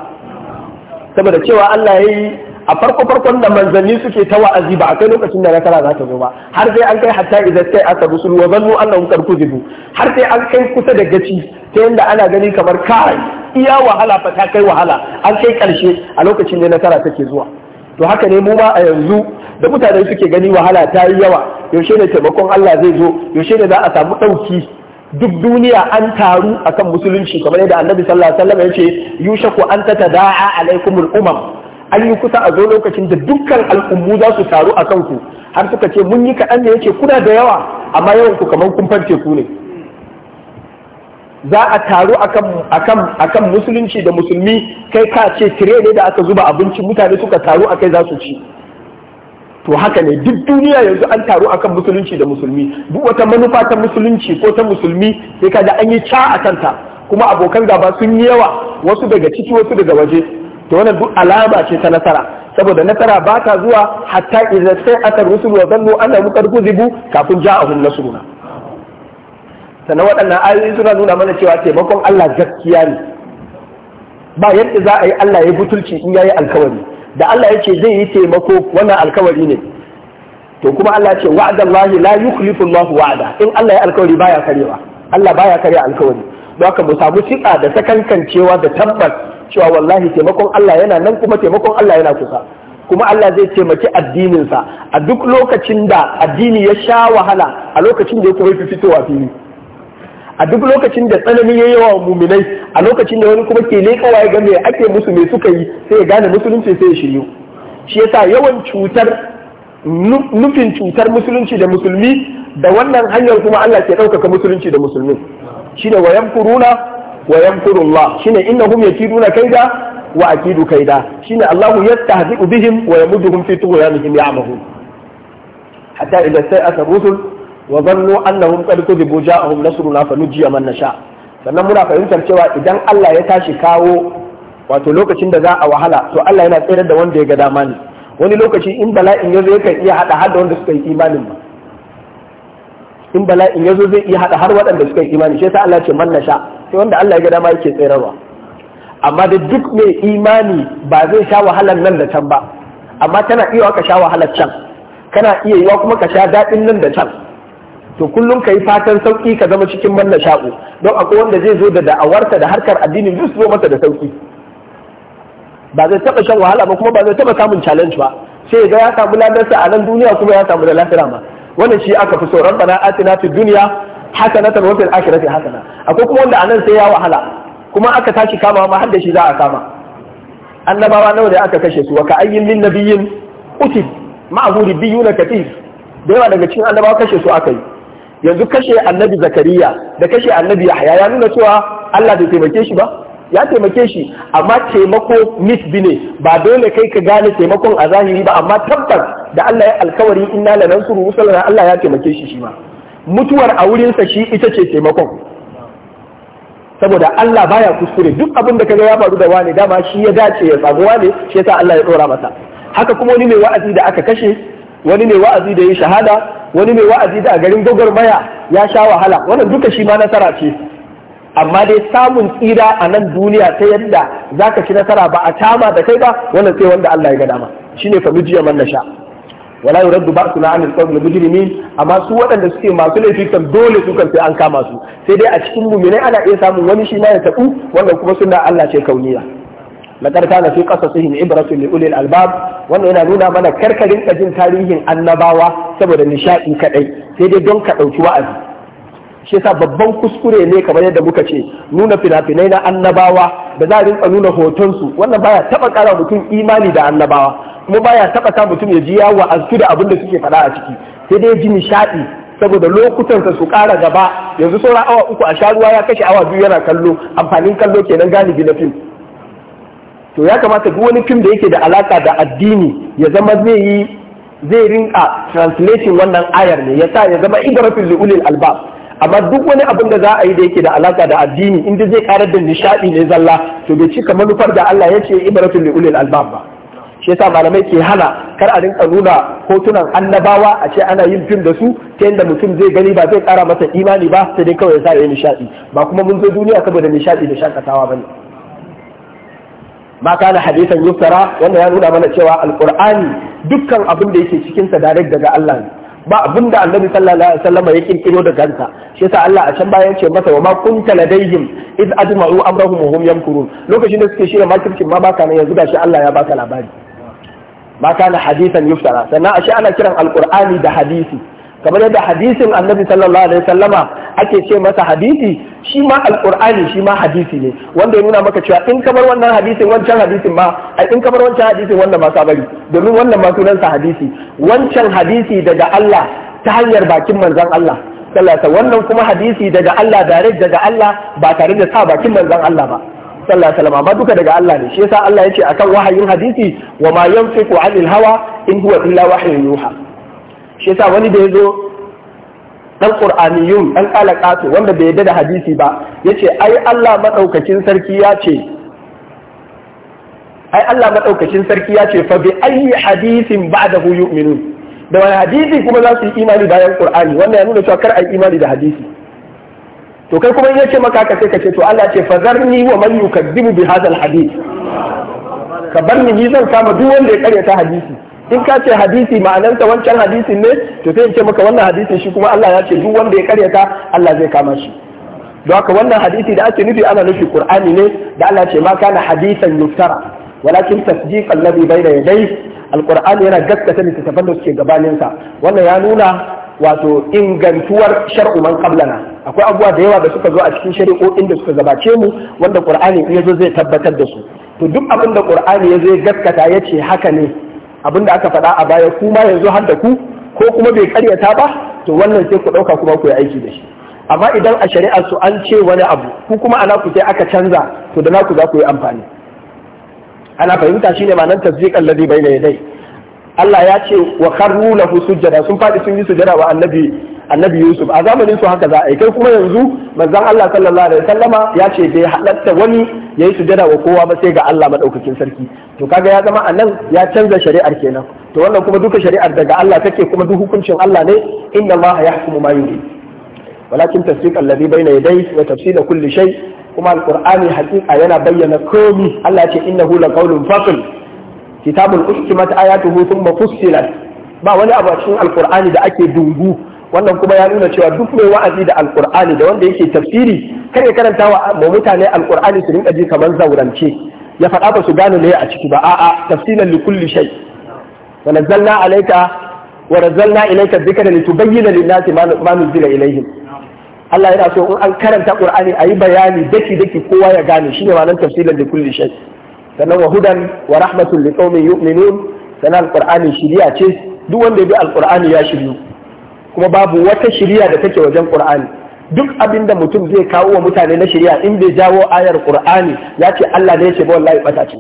saboda cewa Allah ya yi a farko farkon da manzanni suke ta wa'azi ba a kai lokacin da nasara za ta zo ba har sai an kai hatta idza kai aka rusul wa zannu annahum qad kuzibu har sai an kai kusa da gaci ta yanda ana gani kamar kai iya wahala fa ta kai wahala an kai karshe a lokacin da nasara take zuwa to haka ne mu ma a yanzu da mutane suke gani wahala ta yi yawa yaushe ne taimakon Allah zai zo yaushe ne za a samu ɗauki duk duniya an taru akan musulunci kamar yadda annabi sallallahu alaihi wasallam ya ce yushaku an tatada'a alaikumul umam an yi kusa a zo lokacin da dukkan al'ummu za su taru a kanku har suka ce mun yi kaɗan da yake kuna da yawa amma yawan ku kamar kun fance ku ne za a taru akan musulunci da musulmi kai ka ce tire ne da aka zuba abinci mutane suka taru a kai za su ci to haka ne duk duniya yanzu an taru akan musulunci da musulmi duk wata manufa ta musulunci ko ta musulmi sai da an yi ca a kanta kuma abokan gaba sun yi yawa wasu daga ciki wasu daga waje to wannan duk alama ce ta nasara saboda nasara ba ta zuwa hatta idan sai aka rusul wa zannu annahum qad kuzibu kafin ja'ahum nasruna sannan waɗannan ayoyi suna nuna mana cewa taimakon Allah gaskiya ne ba yadda za a yi Allah ya butulci in yayi alkawari da Allah ya ce zai yi taimako wannan alkawari ne to kuma Allah ya ce wa'adallahi la yukhlifu Allah wa'ada in Allah ya alkawari baya karewa Allah baya kare alkawari don haka mu samu siƙa da sakankancewa da tabbas cewa wallahi taimakon Allah yana nan kuma taimakon Allah yana kusa kuma Allah zai taimaki addininsa a duk lokacin da addini ya sha wahala a lokacin da ya kuma fi fitowa fili a duk lokacin da tsanani ya yawa muminai a lokacin da wani kuma ke lekawa ya ga ake musu me suka yi sai ya gane musulunci sai ya shiryu shi yasa yawan cutar nufin cutar musulunci da musulmi da wannan hanyar kuma Allah ke ɗaukaka musulunci da musulmi shine wa yamkuruna wa yamkurullah shine innahum yakiduna kaida wa akidu kaida shine Allahu yastahzi'u bihim wa yamudduhum fi tughyanihim ya'mahun hatta idza sa'at ar-rusul wa zannu annahum qad kudibu ja'ahum nasruna fa nujiya man nasha sannan muna fahimtar cewa idan Allah ya tashi kawo wato lokacin da za a wahala to Allah yana tsayar da wanda ya ga dama ne wani lokaci in bala'in yazo yakan iya hada har da wanda suka yi imanin ba in bala'in yazo zai iya hada har waɗanda suka yi imani sai yasa Allah ce man nasha sai wanda Allah ya ga dama yake tsayarwa amma da duk mai imani ba zai sha wahalar nan da can ba amma tana iya ka sha wahalar can kana iya yiwa kuma ka sha daɗin nan da can to kullum ka yi fatan sauki ka zama cikin manna sha'u don akwai wanda zai zo da da'awarta da harkar addini zai su zo masa da sauki ba zai taba shan wahala ba kuma ba zai taba samun challenge ba sai ga ya samu ladarsa a nan duniya kuma ya samu da lafira ma wannan shi aka fi so rabbana atina fid dunya hasanatan wa fil akhirati hasana akwai kuma wanda nan sai ya wahala kuma aka tashi kama ma har da shi za a kama annabawa nawa da aka kashe su wa ka ayyin lin nabiyyin utib ma'ahu ribiyuna katir da yawa daga cikin annabawa kashe su aka yi yanzu kashe annabi zakariya da kashe annabi yahya ya nuna cewa Allah bai taimake shi ba ya taimake shi amma taimako nisbi ne ba dole kai ka gane taimakon a zahiri ba amma tabbas da Allah ya alkawari inna lanansuru rusulana Allah ya taimake shi shi ma mutuwar a wurinsa shi ita ce taimakon saboda Allah baya kuskure duk abin da kaga ya faru da wani dama shi ya dace ya tsago wani shi yasa Allah ya dora masa haka kuma wani mai wa'azi da aka kashe wani mai wa'azi da ya shahada wani mai wa'azi da a garin gwagwarmaya ya sha wahala wannan duka shi ma nasara ce amma dai samun tsira a nan duniya ta yadda za ka ci nasara ba a tama da kai ba wannan sai wanda Allah ya ga dama ne fa jiya man nasha wala yuraddu ba'suna 'anil qawmi mujrimin amma su waɗanda suke masu laifi dole su kan sai an kama su sai dai a cikin mu'minai ana iya samun wani shi na ya tabu wannan kuma suna Allah ce kauniya laqad kana fi qasasihim ibratun li ulil albab wannan yana nuna mana karkarin jin tarihin annabawa saboda nishaɗi kaɗai, sai dai don ka ɗauki wa'azi shi yasa babban kuskure ne kamar yadda muka ce nuna fina-finai na annabawa da za a rinka nuna hoton su wannan baya taba kara mutum imani da annabawa kuma baya taba sa mutum ya ji ya wa'azu da abin da suke faɗa a ciki sai dai ji nishaɗi saboda lokutansa su ƙara gaba yanzu saura awa uku a sha ruwa ya kashe awa biyu yana kallo amfanin kallo kenan galibi na fim to ya kamata duk wani fim da yake da alaka da addini ya zama zai yi zai rinka translating wannan ayar ne ya sa ya zama idrafil liulil albab amma duk wani abin da za a yi da yake da alaka da addini inda zai karar da nishadi ne zalla to bai cika manufar da Allah ya ce idrafil liulil albab ba shi yasa malamai ke hana kar a rinka nuna hotunan annabawa a ce ana yin fim da su ta yadda mutum zai gani ba zai kara masa imani ba sai dai kawai ya sa ya yi nishadi ba kuma mun zo duniya saboda nishadi da shakatawa bane ka na hadisan yuftara wanda ya nuna mana cewa alkur'ani dukkan abin da yake cikin sa direct daga Allah ne ba abin da annabi sallallahu alaihi wasallam ya kirkiro da kansa shi yasa Allah a can bayan ce masa wa ma kunta ladaihim id ajma'u amrahum wa hum yamkurun lokacin da suke shirya makircin ma baka ne yanzu gashi Allah ya baka labari ka na hadisan yuftara sannan shi ana kiran alkur'ani da hadisi kamar yadda hadisin annabi sallallahu alaihi sallama ake ce masa hadisi shi ma alqur'ani shi ma hadisi ne wanda ya nuna maka cewa in kamar wannan hadisin wancan hadisin ma in kamar wancan hadisin wanda ma sabari domin wannan ma sa hadisi wancan hadisi daga Allah ta hanyar bakin manzon Allah sallallahu wannan kuma hadisi daga Allah direct daga Allah ba tare da sa bakin manzon Allah ba sallallahu alaihi wasallam amma duka daga Allah ne shi yasa Allah yace akan wahayin hadisi wa ma yanfiqu anil hawa in huwa illa wahyun yuha shi yasa wani da ya zo dan qur'aniyun dan kalakatu wanda bai yadda da hadisi ba yace ai Allah madaukakin sarki ya ce ai Allah madaukakin sarki ya ce fa bi ayyi hadisin ba'dahu yu'minun da wani hadisi kuma za su yi imani bayan ƙur'ani? wannan ya nuna cewa kar ai imani da hadisi to kai kuma in yace maka ka sai ka ce to Allah ce fa zarni wa man yukadibu bi hadha al hadith ka bar ni zan kama duk wanda ya karyata hadisi in ka ce hadisi ma'anarsa wancan hadisin ne to sai in ce maka wannan hadisin shi kuma Allah ya ce duk wanda ya karyata Allah zai kama shi don haka wannan hadisi da ake nufi ana nufi Qur'ani ne da Allah ce ma kana hadisan yuftara walakin tasdiq alladhi bayna yadayhi alqur'ani yana gaskata littattafan da suke gabanin sa wannan ya nuna wato ingantuwar shar'u man qablana akwai abubuwa da yawa da suka zo a cikin shari'o'in da suka gabace mu wanda qur'ani in yazo zai tabbatar da su to duk abin da qur'ani yazo ya gaskata yace haka ne da aka faɗa a baya kuma yanzu har da ku ko kuma bai karyata ba to wannan sai ku ɗauka kuma ku yi aiki da shi amma idan a shari'ar su an ce wani abu ku kuma ana ku sai aka canza to da naku za ku yi amfani ana fahimta shine ma'anar tasdiqan ladhi bayna yadayhi Allah ya ce wa kharru lahu sujjada sun faɗi sun yi sujjada wa annabi annabi yusuf a zamanin su haka za a yi kai kuma yanzu manzon Allah sallallahu alaihi sallama, ya ce bai halatta wani ya yi sujada wa kowa ba sai ga Allah madaukakin sarki to kaga ya zama anan ya canza shari'ar kenan to wannan kuma duka shari'ar daga Allah take kuma duk hukuncin Allah ne inna Allah yahkumu ma yurid walakin tasdiq alladhi bayna yadayhi wa tafsila kulli shay kuma alqur'ani haqiqa yana bayyana komi Allah ya ce innahu laqawlun faql kitabul ustimat ayatuhu thumma fussilat ba wani abu a cikin alqur'ani da ake dungu wannan kuma ya nuna cewa duk mai wa'azi da alkur'ani da wanda yake tafsiri kar ya karanta wa mutane alkur'ani su rinka ji kamar zaurance ya faɗa ba su gane ne a ciki ba a'a tafsilan li kulli shay wa nazzalna alayka wa nazzalna ilayka dhikra litubayyana lin-nasi ma nuzila ilayhim Allah yana so in an karanta Qur'ani ayi bayani daki daki kowa ya gane shine wannan tafsilan li kulli shay sannan wa hudan wa rahmatun liqaumin yu'minun sannan alqur'ani shiriya ce duk wanda ya bi alkur'ani ya shiryu kuma babu wata shirya da take wajen qur'ani duk abin da mutum zai kawo wa mutane na shirya in bai jawo ayar qur'ani ya ce Allah ne ya ce ba wallahi bata ce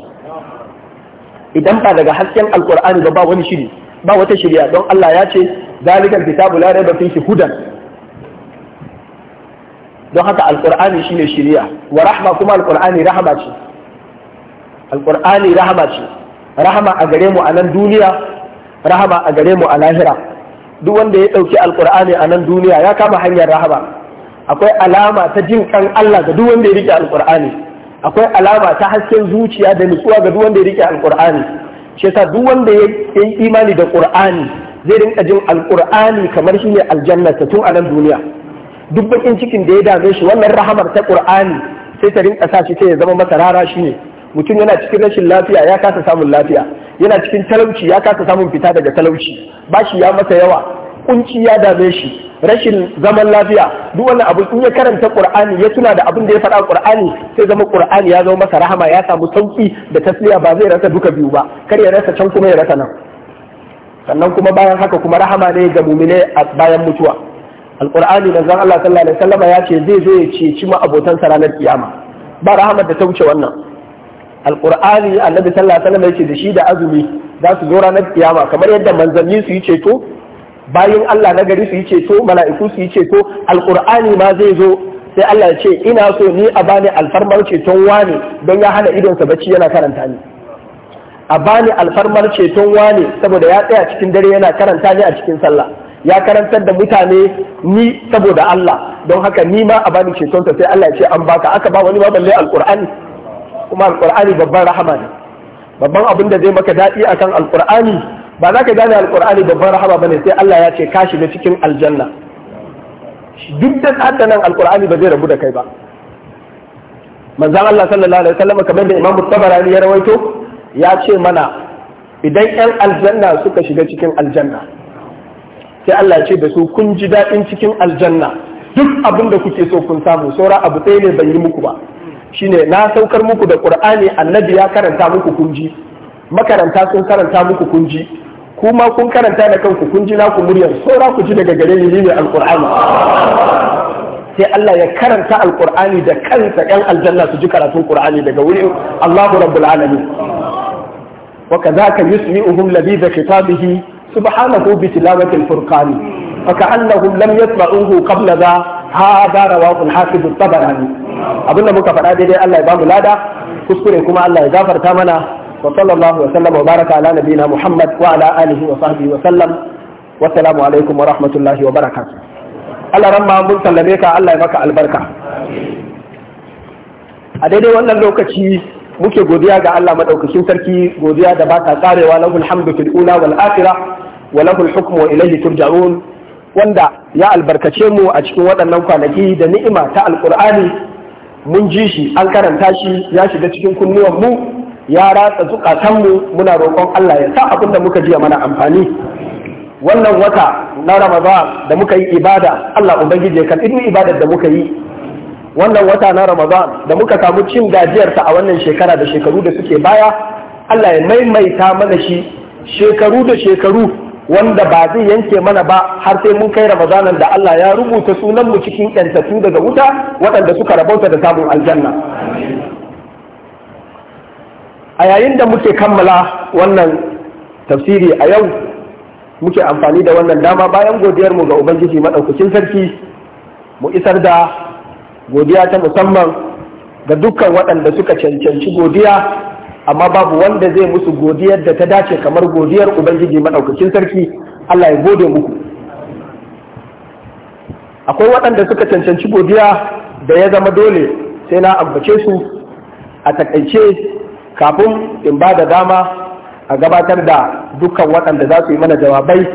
idan ba daga hasken alqur'ani ba ba wani shiri ba wata shirya don Allah ya ce zalikal kitabu la raiba fihi hudan don haka alqur'ani shine shirya wa rahma kuma alqur'ani rahama ce alqur'ani rahama ce rahama a gare mu a nan duniya rahama a gare mu a lahira duk wanda ya ɗauki Alƙur'ani a nan duniya ya kama hanyar rahama akwai alama ta jin kan Allah ga duk wanda ya rike Alƙur'ani. akwai alama ta hasken zuciya da nutsuwa ga duk wanda ya rike Alƙur'ani. shi yasa duk wanda ya yi imani da ƙur'ani zai rinka jin Alƙur'ani kamar shine aljanna tun a nan duniya duk bakin cikin da ya dame shi wannan rahamar ta ƙur'ani, sai ta rinka sa shi sai ya zama masa rara ne. mutum yana cikin rashin lafiya ya kasa samun lafiya yana cikin talauci ya kasa samun fita daga talauci bashi ya masa yawa kunci ya dame shi rashin zaman lafiya duk wannan abu in ya karanta qur'ani ya tuna da abin da ya faɗa qur'ani sai zama qur'ani ya zama masa rahama ya samu sauki da tasliya ba zai rasa duka biyu ba kar ya rasa can kuma ya rasa nan sannan kuma bayan haka kuma rahama ne ga mumine a bayan mutuwa alqur'ani da zan Allah sallallahu alaihi wasallam ya ce zai zo ya ceci ma abotansa ranar kiyama ba rahama da ta wuce wannan alkur'ani annabi sallallahu alaihi wasallam yake da shi da azumi za su zo ranar kiyama kamar yadda manzanni su yi ceto bayan Allah na gari su yi ceto mala'iku su yi ceto Alƙur'ani ma zai zo sai Allah ya ce ina so ni a bani alfarmar ceton wane don ya hana idonsa bacci yana karanta ni a bani alfarmar ceton wane saboda ya tsaya cikin dare yana karanta ni a cikin sallah ya karantar da mutane ni saboda Allah don haka ni ma a bani ceton ta sai Allah ya ce an baka aka ba wani ma balle alqur'ani kuma Alƙur'ani babban rahama ne babban abin da zai maka daɗi akan Alƙur'ani, ba za ka gane Alƙur'ani babban rahama ba ne sai Allah ya ce ka shiga cikin aljanna duk da tsada nan Alƙur'ani ba zai rabu da kai ba manzan Allah sallallahu alaihi wasallam kamar da Imam Tabarani ya rawaito ya ce mana idan 'yan aljanna suka shiga cikin aljanna sai Allah ya ce da su kun ji daɗin cikin aljanna duk abin da kuke so kun samu saura abu ɗaya ne ban yi muku ba shine na saukar muku da qur'ani annabi ya karanta muku kunji makaranta sun karanta muku kunji kuma kun karanta da kanku kunji na ku muryar saura ku ji daga gare ni ne alqur'ani sai Allah ya karanta alqur'ani da kansa ɗan aljanna su ji karatun qur'ani daga wurin Allahu rabbul alamin wa kadhaka yusmi'uhum labidha khitabihi subhanahu bi tilawatil furqani فكأنهم لم يسمعوه قبل ذا hada rawahul hafiz at-tabarani abinda muka faɗa daidai Allah ya bamu lada kuskure kuma Allah ya gafarta mana wa sallallahu wa sallama wa baraka ala nabiyina Muhammad wa ala alihi wa sahbihi wa sallam wa assalamu alaikum wa rahmatullahi wa barakatuh Allah ramma mun ka Allah ya maka albarka a daidai wannan lokaci muke godiya ga Allah madaukakin sarki godiya da ba ta karewa lahul hamdu fil ula wal akhirah wa lahul hukmu wa ilayhi turja'un wanda ya albarkace mu a cikin waɗannan kwanaki da ni'ima ta alkur'ani mun ji shi an karanta shi ya shiga cikin kunnuwan mu ya ratsa mu muna roƙon Allah ya sa abin da muka ji ya mana amfani wannan wata na Ramadan da muka yi ibada Allah ubangiji ya karɓi ibadar da muka yi wannan wata na Ramadan da muka samu cin ta a wannan shekara da shekaru da suke baya Allah ya maimaita mana shi shekaru da shekaru wanda ba zai yanke mana ba har sai mun kai ramadanan da Allah ya rubuta sunan mu cikin yantattu daga wuta waɗanda suka rabauta da samun aljanna a yayin da muke kammala wannan tafsiri a yau muke amfani da wannan dama bayan godiyarmu ga ubangiji maɗaukacin sarki mu isar da godiya ta musamman ga dukkan waɗanda suka cancanci godiya amma babu wanda zai musu godiyar da ta dace kamar godiyar ubangiji madaukakin sarki Allah ya gode muku akwai waɗanda suka cancanci godiya da ya zama dole sai na ambace su a takaice kafin in ba da dama a gabatar da dukkan waɗanda za su yi mana jawabai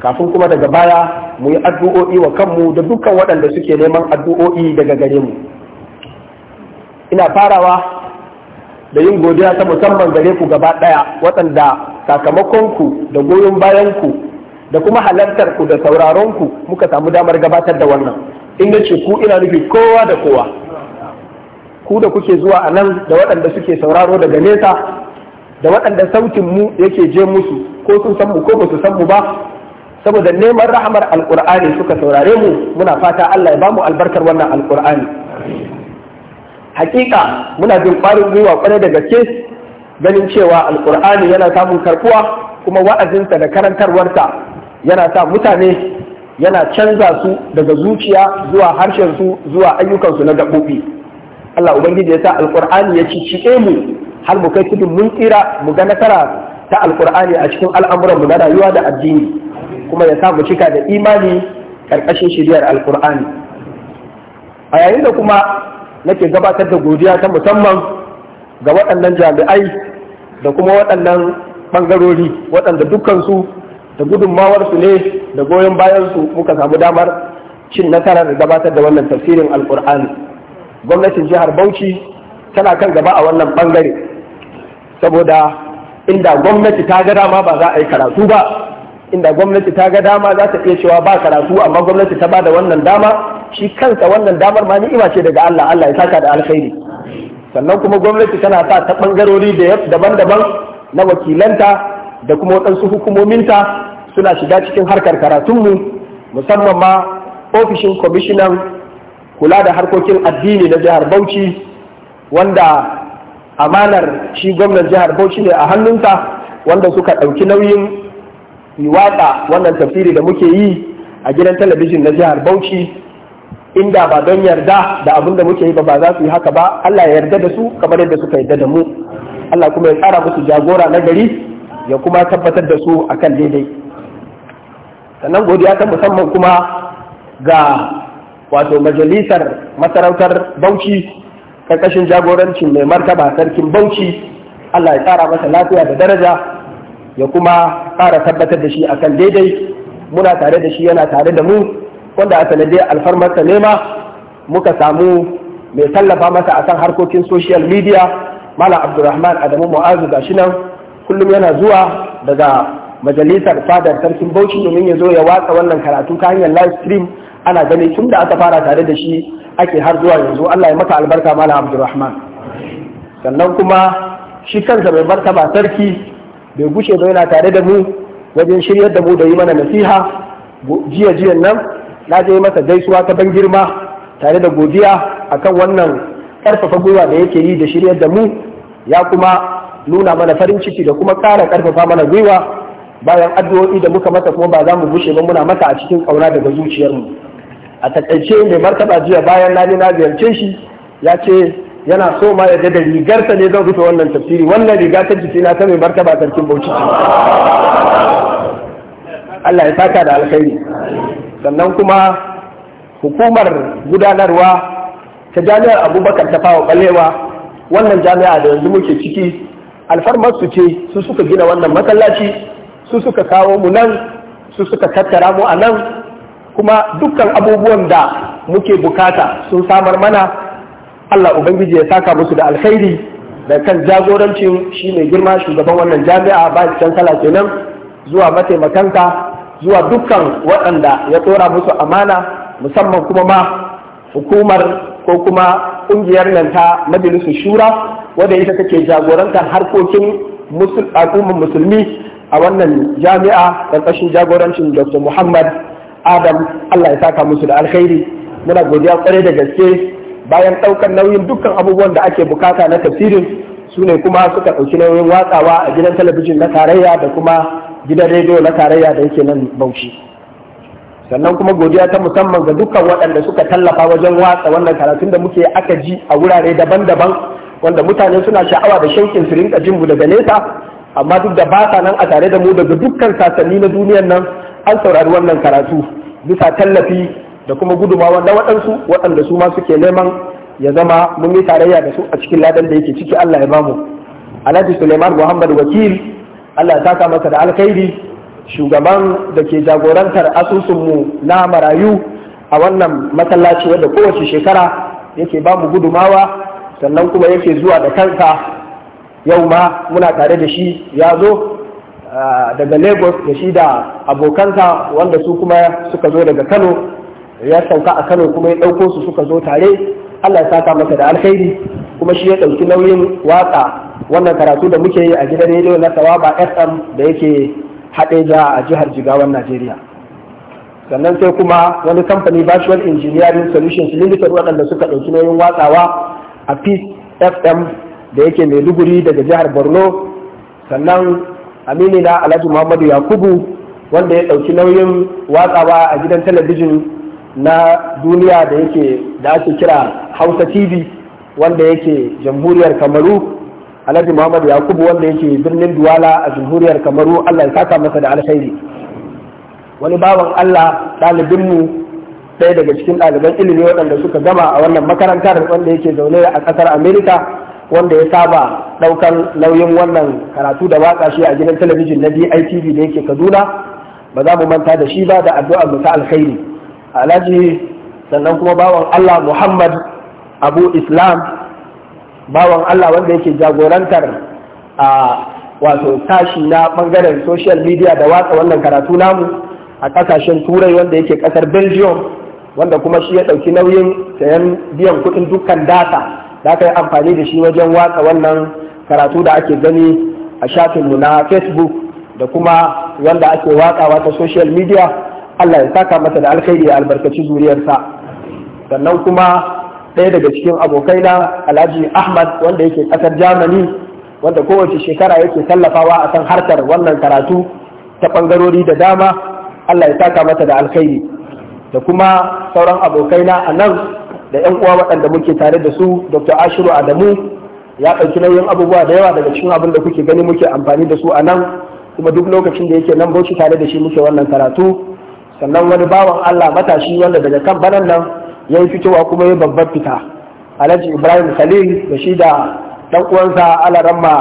kafin kuma daga baya mu yi addu'o'i wa kanmu da dukkan waɗanda suke neman addu'o'i daga gare mu ina farawa da yin godiya ta musamman gare ku gaba ɗaya waɗanda sakamakonku da goyon bayanku da kuma halartar ku da sauraron ku muka samu damar gabatar da wannan in ce ku ina nufi kowa da kowa ku da kuke zuwa a nan da waɗanda suke sauraro daga nesa da waɗanda sautin mu yake je musu ko sun san mu ko ba su san mu ba saboda neman rahamar alƙur'ani suka saurare mu muna fata Allah ya bamu albarkar wannan alƙur'ani hakika muna jin ƙwarin gwiwa kwarai da gaske ganin cewa alkur'ani yana samun karbuwa kuma wa'azinsa da karantarwarsa yana sa mutane yana canza su daga zuciya zuwa harshen su zuwa ayyukansu na gaɓoɓi Allah ubangiji ya sa alkur'ani ya ci cike mu har mu kai tudun mun tsira mu ga nasara ta alkur'ani a cikin mu na rayuwa da addini kuma ya sa mu cika da imani ƙarƙashin shiriyar alkur'ani a yayin da kuma nake gabatar da godiya ta musamman ga waɗannan jami'ai da kuma waɗannan ɓangarori waɗanda dukkansu da gudunmawarsu ne da goyon bayansu muka samu damar cin nasarar gabatar da wannan tafsirin alkur'ani gwamnatin jihar bauchi tana kan gaba a wannan ɓangare saboda inda gwamnati ta ga dama ba za a yi karatu ba inda gwamnati ta ga dama za ta iya cewa ba karatu amma gwamnati ta ba da wannan dama shi kansa wannan damar ma ni'ima ce daga Allah Allah ya saka da alkhairi sannan kuma gwamnati tana sa ta bangarori daban-daban na wakilanta da kuma waɗansu hukumominta suna shiga cikin harkar karatunmu musamman ma ofishin kwamishinan kula da harkokin addini na jihar Bauchi wanda amanar shi gwamnan jihar Bauchi ne a hannunta wanda suka ɗauki nauyin yi watsa wannan tafsiri da muke yi a gidan talabijin na jihar Bauchi inda ba don yarda da abin da muke yi ba ba za su yi haka ba Allah ya yarda da su kamar yadda suka yarda da mu Allah kuma ya tsara musu jagora na gari ya kuma tabbatar da su akan daidai sannan godiya ta musamman kuma ga wato majalisar masarautar Bauchi karkashin jagorancin mai martaba sarkin Bauchi Allah ya tsara masa lafiya da daraja ya kuma tsara tabbatar da shi akan daidai muna tare da shi yana tare da mu wanda a alfarmar alfarmarsa nema muka samu mai tallafa masa a akan harkokin social media malam abdulrahman adamu mu'azu gashi nan kullum yana zuwa daga majalisar fadar sarkin bauchi domin ya zo ya watsa wannan karatu ta hanyar live stream ana gani tun da aka fara tare da shi ake har zuwa yanzu Allah ya maka albarka malam abdulrahman sannan kuma shi kansa mai martaba sarki bai gushe ba yana tare da mu wajen shiryar da mu da yi mana nasiha jiya jiyan nan na je masa gaisuwa ta ban girma tare da godiya akan wannan karfafa gwiwa da yake yi da shiryar da mu ya kuma nuna mana farin ciki da kuma ƙara karfafa mana gwiwa bayan addu'o'i da muka masa kuma ba za mu bushe ba muna mata a cikin ƙauna daga zuciyarmu a takaice mai martaba jiya bayan na na ziyarce shi ya ce yana so ma ya ga da rigarsa ne zan rufe wannan tafsiri wannan riga ta jiki na ta mai martaba sarkin bauchi Allah ya saka da alkhairi sannan kuma hukumar gudanarwa ta jami'ar abubakar ta fawa balewa wannan jami'a da yanzu muke ciki alfarmar su ce su suka gina wannan masallaci su suka kawo mu nan su suka tattara mu a nan kuma dukkan abubuwan da muke bukata sun samar mana allah ubangiji ya saka musu da alkhairi da kan jagorancin shi mai girma shugaban wannan jami'a ba can sala kenan zuwa mataimakanka zuwa dukkan waɗanda ya tsora musu amana musamman kuma ma hukumar ko kuma ƙungiyar nan ta majalisun shura wadda ita take jagorantar harkokin al'ummar musulmi a wannan jami'a ƙarƙashin jagorancin dr muhammad adam allah ya saka musu da alkhairi muna godiya kwarai da gaske bayan ɗaukar nauyin dukkan abubuwan da ake bukata na tafsirin su ne kuma suka ɗauki nauyin watsawa a gidan talabijin na tarayya da kuma gidan rediyo na tarayya da yake nan bauchi sannan kuma godiya ta musamman ga dukkan waɗanda suka tallafa wajen watsa wannan karatun da muke aka ji a wurare daban-daban wanda mutane suna sha'awa da shaukin su rinka jinmu daga nesa amma duk da ba sa nan a tare da mu daga dukkan sasanni na duniyar nan an saurari wannan karatu bisa tallafi da kuma gudumawa na waɗansu waɗanda su ma suke neman ya zama mun yi tarayya da su a cikin ladan da yake ciki Allah ya bamu Alhaji Suleiman Muhammad Wakil Allah ya saka masa da alkhairi shugaban da ke jagorantar asusunmu na marayu a wannan masallaci wanda kowace shekara yake ba mu gudumawa sannan kuma yake zuwa da kanka yau ma muna tare da shi ya zo daga lagos da shi da abokanta wanda su kuma suka zo daga kano ya sauka a kano kuma ya ɗauko su suka zo tare allah ya saka masa da alkhairi kuma shi ya ɗauki nauyin watsa wannan karatu da muke yi a gidan rediyo na Sawaba FM da yake da a jihar Jigawan Najeriya. Sannan sai kuma wani kamfani Virtual Engineering Solutions Limited waɗanda suka ɗauki nauyin watsawa a Peace FM da yake Maiduguri daga jihar Borno. Sannan Aminu na Alhaji Muhammadu Yakubu wanda ya ɗauki nauyin watsawa a gidan talabijin na duniya da yake da ake kira Hausa TV wanda yake jamhuriyar Kamaru alhaji muhammad yakubu wanda yake birnin duwala a jamhuriyar kamaru allah ya saka masa da alkhairi wani bawan allah ɗalibinmu ɗaya daga cikin ɗaliban ilimi waɗanda suka gama a wannan makarantar wanda yake zaune a ƙasar amerika wanda ya saba ɗaukan nauyin wannan karatu da watsa shi a gidan talabijin na ditv da yake kaduna ba za mu manta da shi ba da addu'a mu ta alkhairi alhaji sannan kuma bawan allah muhammad abu islam bawan Allah wanda yake jagorantar a wato tashi na bangaren social media da watsa wannan karatu namu a kasashen turai wanda yake kasar belgium wanda kuma shi ya ɗauki nauyin sayan biyan kuɗin dukkan data da aka yi amfani da shi wajen watsa wannan karatu da ake gani a shafinmu na facebook da kuma wanda ake watsawa ta social media Allah ya saka masa da alkhairi ya albarkaci zuriyarsa sannan kuma ɗaya daga cikin abokaina alhaji ahmad wanda yake ƙasar jamani, wanda kowace shekara yake tallafawa a kan harkar wannan karatu ta ɓangarori da dama allah ya taka mata da alkhairi da kuma sauran abokaina a nan da 'yan uwa waɗanda muke tare da su dr ashiru adamu ya ɗauki nauyin abubuwa da yawa daga cikin abin da kuke gani muke amfani da su a nan kuma duk lokacin da yake nan bauchi tare da shi muke wannan karatu sannan wani bawan allah matashi wanda daga kan banan nan ya yi fitowa kuma ya babbar fita alhaji ibrahim khalil da shi da dan uwansa alaramma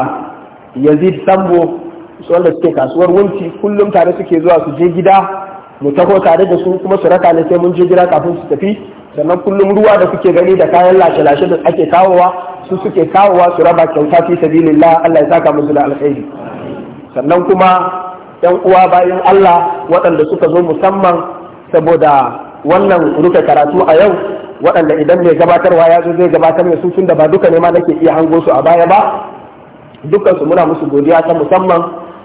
yazid sambo su wanda suke kasuwar wunci kullum tare suke zuwa su je gida mu taho tare da su kuma su raka ne sai mun je gida kafin su tafi sannan kullum ruwa da suke gani da kayan lashe-lashe da ake kawowa su suke kawowa su raba kyauta fi sabilillah Allah ya saka musu da alkhairi sannan kuma yan uwa bayan Allah waɗanda suka zo musamman saboda wannan rufe karatu a yau waɗanda idan mai gabatarwa ya zo zai gabatar da su da ba duka ne ma nake iya hango su a baya ba dukkan su muna musu godiya ta musamman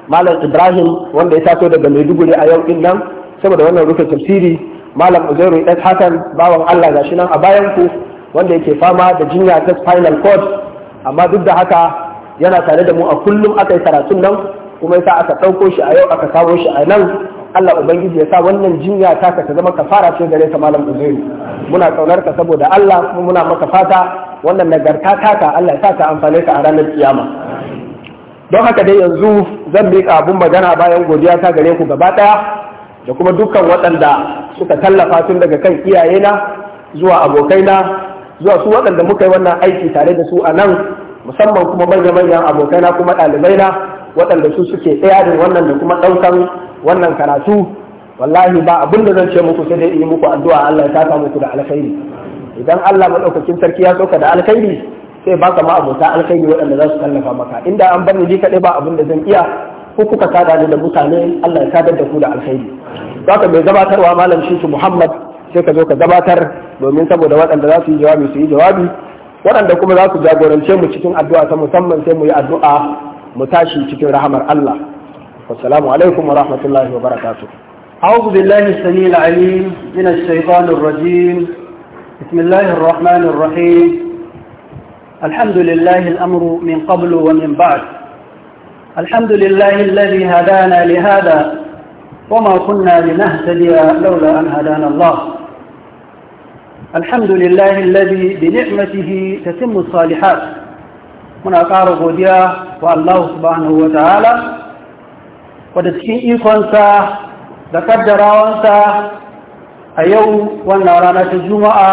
malam ibrahim wanda ya taso daga maiduguri a yau din nan saboda wannan rufe tafsiri malam uzairu ɗan hasan bawan allah gashi nan a bayan ku wanda yake fama da jinya ta spinal cord amma duk da haka yana tare da mu a kullum aka yi karatun nan kuma yasa aka ɗauko shi a yau aka kawo shi a nan Allah ubangiji ya sa wannan jinya ta ka ta zama kafara ce gare ta malam uzairu muna kaunar ka saboda Allah kuma muna maka fata wannan nagarta taka Allah ya sa ta amfane ka a ranar kiyama don haka dai yanzu zan miƙa abun magana bayan godiya ta gare ku gaba ɗaya da kuma dukkan waɗanda suka tallafa tun daga kan iyayena zuwa abokaina zuwa su waɗanda muka yi wannan aiki tare da su a nan musamman kuma manya-manyan abokaina kuma ɗalibaina waɗanda su suke tsaya da wannan da kuma ɗaukan wannan karatu wallahi ba abin da zan ce muku sai dai yi muku addu'a Allah ya saka muku da alkhairi idan Allah madaukakin sarki ya sauka da alkhairi sai baka ma abota alkhairi waɗanda za su tallafa maka inda an bar ni ji kaɗai ba abin da zan iya ko kuka kada ni da mutane Allah ya sadar da ku da alkhairi zaka mai gabatarwa malam shi Muhammad sai ka zo ka gabatar domin saboda waɗanda za su yi jawabi su yi jawabi waɗanda kuma za su jagorance mu cikin addu'a ta musamman sai mu yi addu'a mu tashi cikin rahamar Allah wassalamu alaikum wa rahmatullahi wa أعوذ بالله السميع العليم من الشيطان الرجيم بسم الله الرحمن الرحيم الحمد لله الأمر من قبل ومن بعد الحمد لله الذي هدانا لهذا وما كنا لنهتدي لولا أن هدانا الله الحمد لله الذي بنعمته تتم الصالحات muna ƙara godiya wa Allah subhanahu wa ta'ala wadda cikin ikonsa da kaddarawansa a yau wannan rana ta juma'a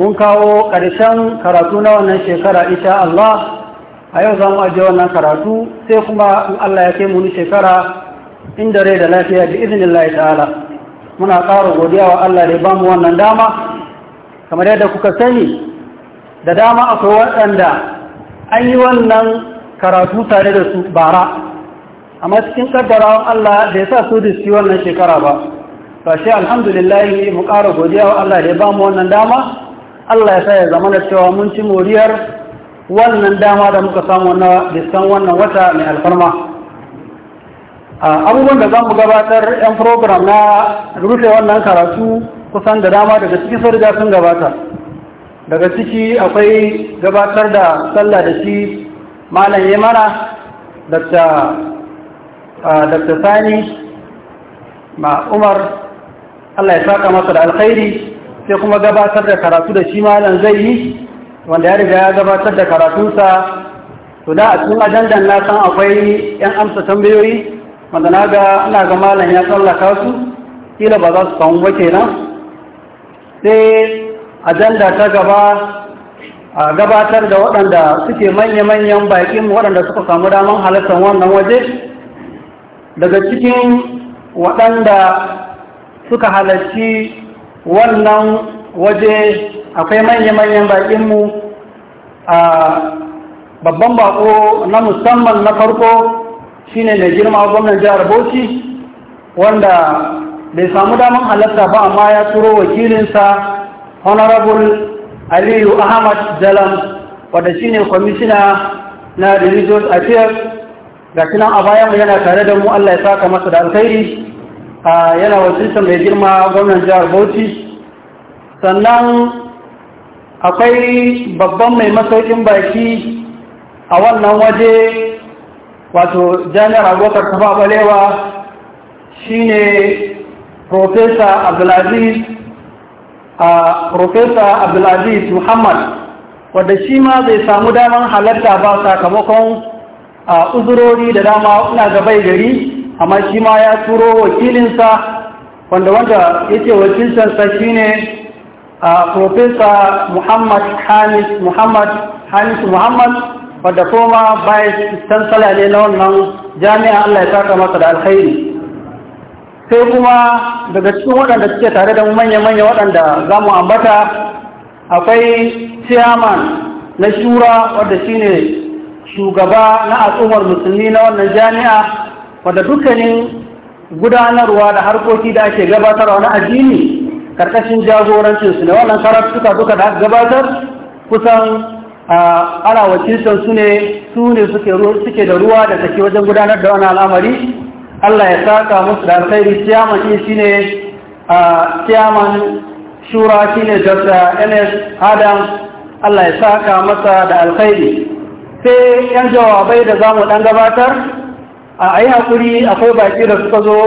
mun kawo ƙarshen karatu na wannan shekara ita Allah a yau za mu ajiye wannan karatu sai kuma in Allah ya kai muni shekara inda rai da lafiya da izinin Allah ta'ala muna ƙara godiya wa Allah da ya mu wannan dama kamar yadda kuka sani da dama akwai waɗanda an yi wannan karatu tare da su bara amma cikin kaddarawan Allah da ya sa su da su wannan shekara ba ba shi alhamdulillah mu ƙara godiya wa Allah da ya ba mu wannan dama Allah ya sa ya zama da cewa mun ci moriyar wannan dama da muka samu na diskan wannan wata mai alfarma abubuwan da za mu gabatar 'yan program na rufe wannan karatu kusan da dama daga cikin sun sun gabata daga ciki akwai gabatar da sallah da shi malam ya da dr sani ma umar allah ya saka masa da alkhairi sai kuma gabatar da karatu da shi malam zai yi wanda ya riga ya gabatar da karatunsa to da a cikin ajandan na san akwai yan amsa tambayoyi wanda na ga ana ga malam ya tsallaka su kila ba za su samu ba kenan sai ajanda ta gaba a gabatar da waɗanda suke manya-manyan baƙin waɗanda suka samu damar halittar wannan waje daga cikin waɗanda suka halarci wannan waje akwai manya-manyan baƙinmu a babban baƙo na musamman na farko shine mai girma gwamnan jihar bauchi wanda bai samu damar halarta ba amma ya turo wakilinsa honorable aliyu ahmad jalam wadda shi ne kwamishina na religious affairs ga sinan a bayan yana tare da mu allah ya saka masa da alkhairi yana wasilta mai girma gwamnan jihar bauchi sannan akwai babban mai masaukin baki a wannan waje wato jami'ar abokar kafa balewa ne professor abdulaziz a profesa abdulaziz muhammad wadda shi ma zai samu daman halatta ba sakamakon a uzurori da dama ina gabai gari amma shi ma ya turo wakilinsa wanda wanda yake wakilinsa shi ne a profesa muhammad hamis muhammad hamis muhammad wadda kuma bayan chancellor ne na wannan jami'a allah ya saka masa da alkhairi sai kuma daga cikin waɗanda suke tare da manya-manya waɗanda za mu ambata akwai chairman na shura wadda shine shugaba na al'ummar musulmi na wannan jami'a wadda dukkanin gudanarwa da harkoki da ake gabatarwa na addini karkashin jagorancinsu ne wannan karar suka duka da gabatar kusan ana wakiltar su ne suke da ruwa da take wajen gudanar da wani al'amari Allah ya saka musu da alkhairi ciyaman shi shine a ciyaman shura shine Dr. NS Adam Allah ya saka masa da alkhairi sai yan jawabai da zamu ɗan gabatar a ayi hakuri akwai baki da suka zo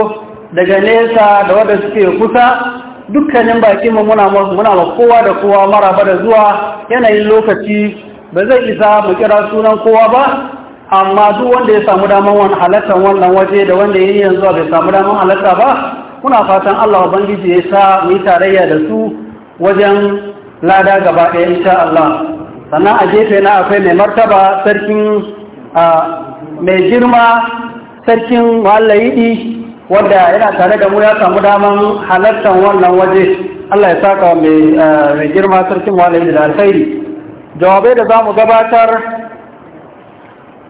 daga nesa da wanda suke kusa dukkanin bakin mu muna muna ma kowa da kowa maraba da zuwa yanayin lokaci ba zai isa mu kira sunan kowa ba amma duk wanda ya samu daman wani halatta wannan waje da wanda ya yi yanzu bai samu daman halatta ba kuna fatan Allah ubangiji ya sa mu tarayya da su wajen lada gaba ɗaya insha Allah sannan a gefe na akwai mai martaba sarkin mai girma sarkin wallayi wanda yana tare da mu ya samu daman halatta wannan waje Allah ya saka mai girma sarkin wallayi da alkhairi jawabai da za mu gabatar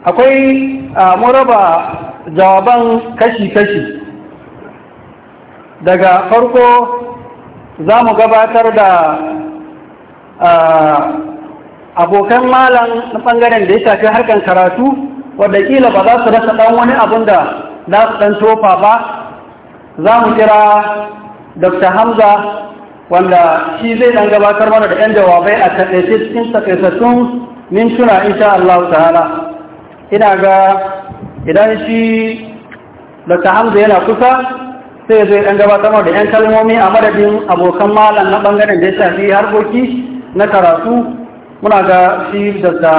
akwai muraba jawaban kashi-kashi daga farko za mu gabatar da abokan malam na ɓangaren da ya shafi harkar karatu wadda ba za su rasa ɗan wani abin da za su ɗan tofa ba za mu kira dr hamza wanda shi zai ɗan gabatar mana da 'yan jawabai a taɗaice cikin taƙaitattun mintuna insha Allah ta'ala ina ga idan shi dr hamza yana kusa sai zai ɗan gabatar da 'yan kalmomi a madadin abokan malam na ɓangaren da ya shafi harkoki na karatu muna ga shi dr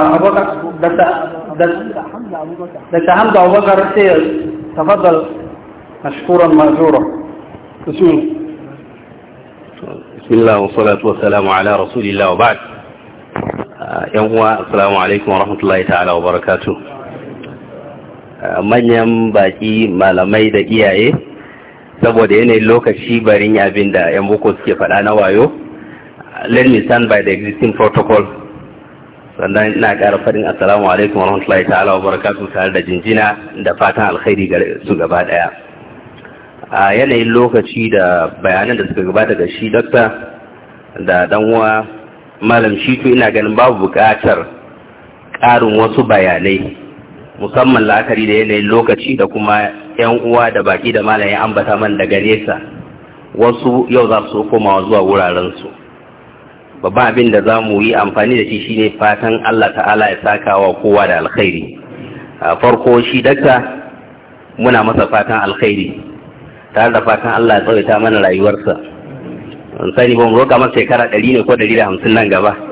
hamza abubakar sai ya tafadar mashkuran mazura بسم الله والصلاة والسلام على رسول الله وبعد يوم السلام عليكم ورحمة الله تعالى وبركاته manyan baki malamai da iyaye saboda yanayin lokaci barin abin da 'yan boko suke faɗa na wayo let me stand by the existing protocol sannan ina ƙara faɗin assalamu alaikum wa rahmatullahi ta'ala wa barakatuhu tare da jinjina da fatan alkhairi ga su gaba ɗaya a yanayin lokaci da bayanan da suka gabata ga shi dokta da uwa malam shitu ina ganin babu bukatar ƙarin wasu bayanai musamman la'akari da yanayin lokaci da kuma 'yan uwa da baki da malayin ambata man daga nesa wasu yau za su komawa zuwa wuraren su. babban abin da za mu yi amfani da shi shine fatan Allah ta'ala ya saka wa kowa da alkhairi A farko shi dakta muna masa fatan alkhairi tare da fatan Allah ya tsawaita mana rayuwarsa an sani ba mu roƙa masa shekara ɗari ne ko ɗari da nan gaba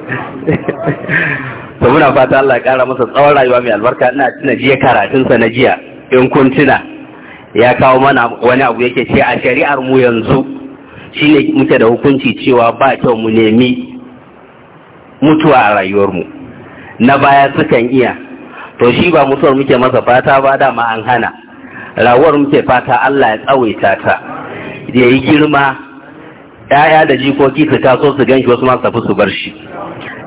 to muna fata Allah ya kara masa tsawon rayuwa mai albarka ina tuna jiya sa na jiya in kun tuna ya kawo mana wani abu yake ce a shari'ar mu yanzu shine muke da hukunci cewa ba kyau mu nemi mutuwa a rayuwar mu na baya sukan iya to shi ba mutuwar muke masa fata ba dama an hana rawar muke fata Allah ya tsawaita ta ya yi girma ‘ya'ya da jikoki su taso su ganshi wasu masu tafi su bar shi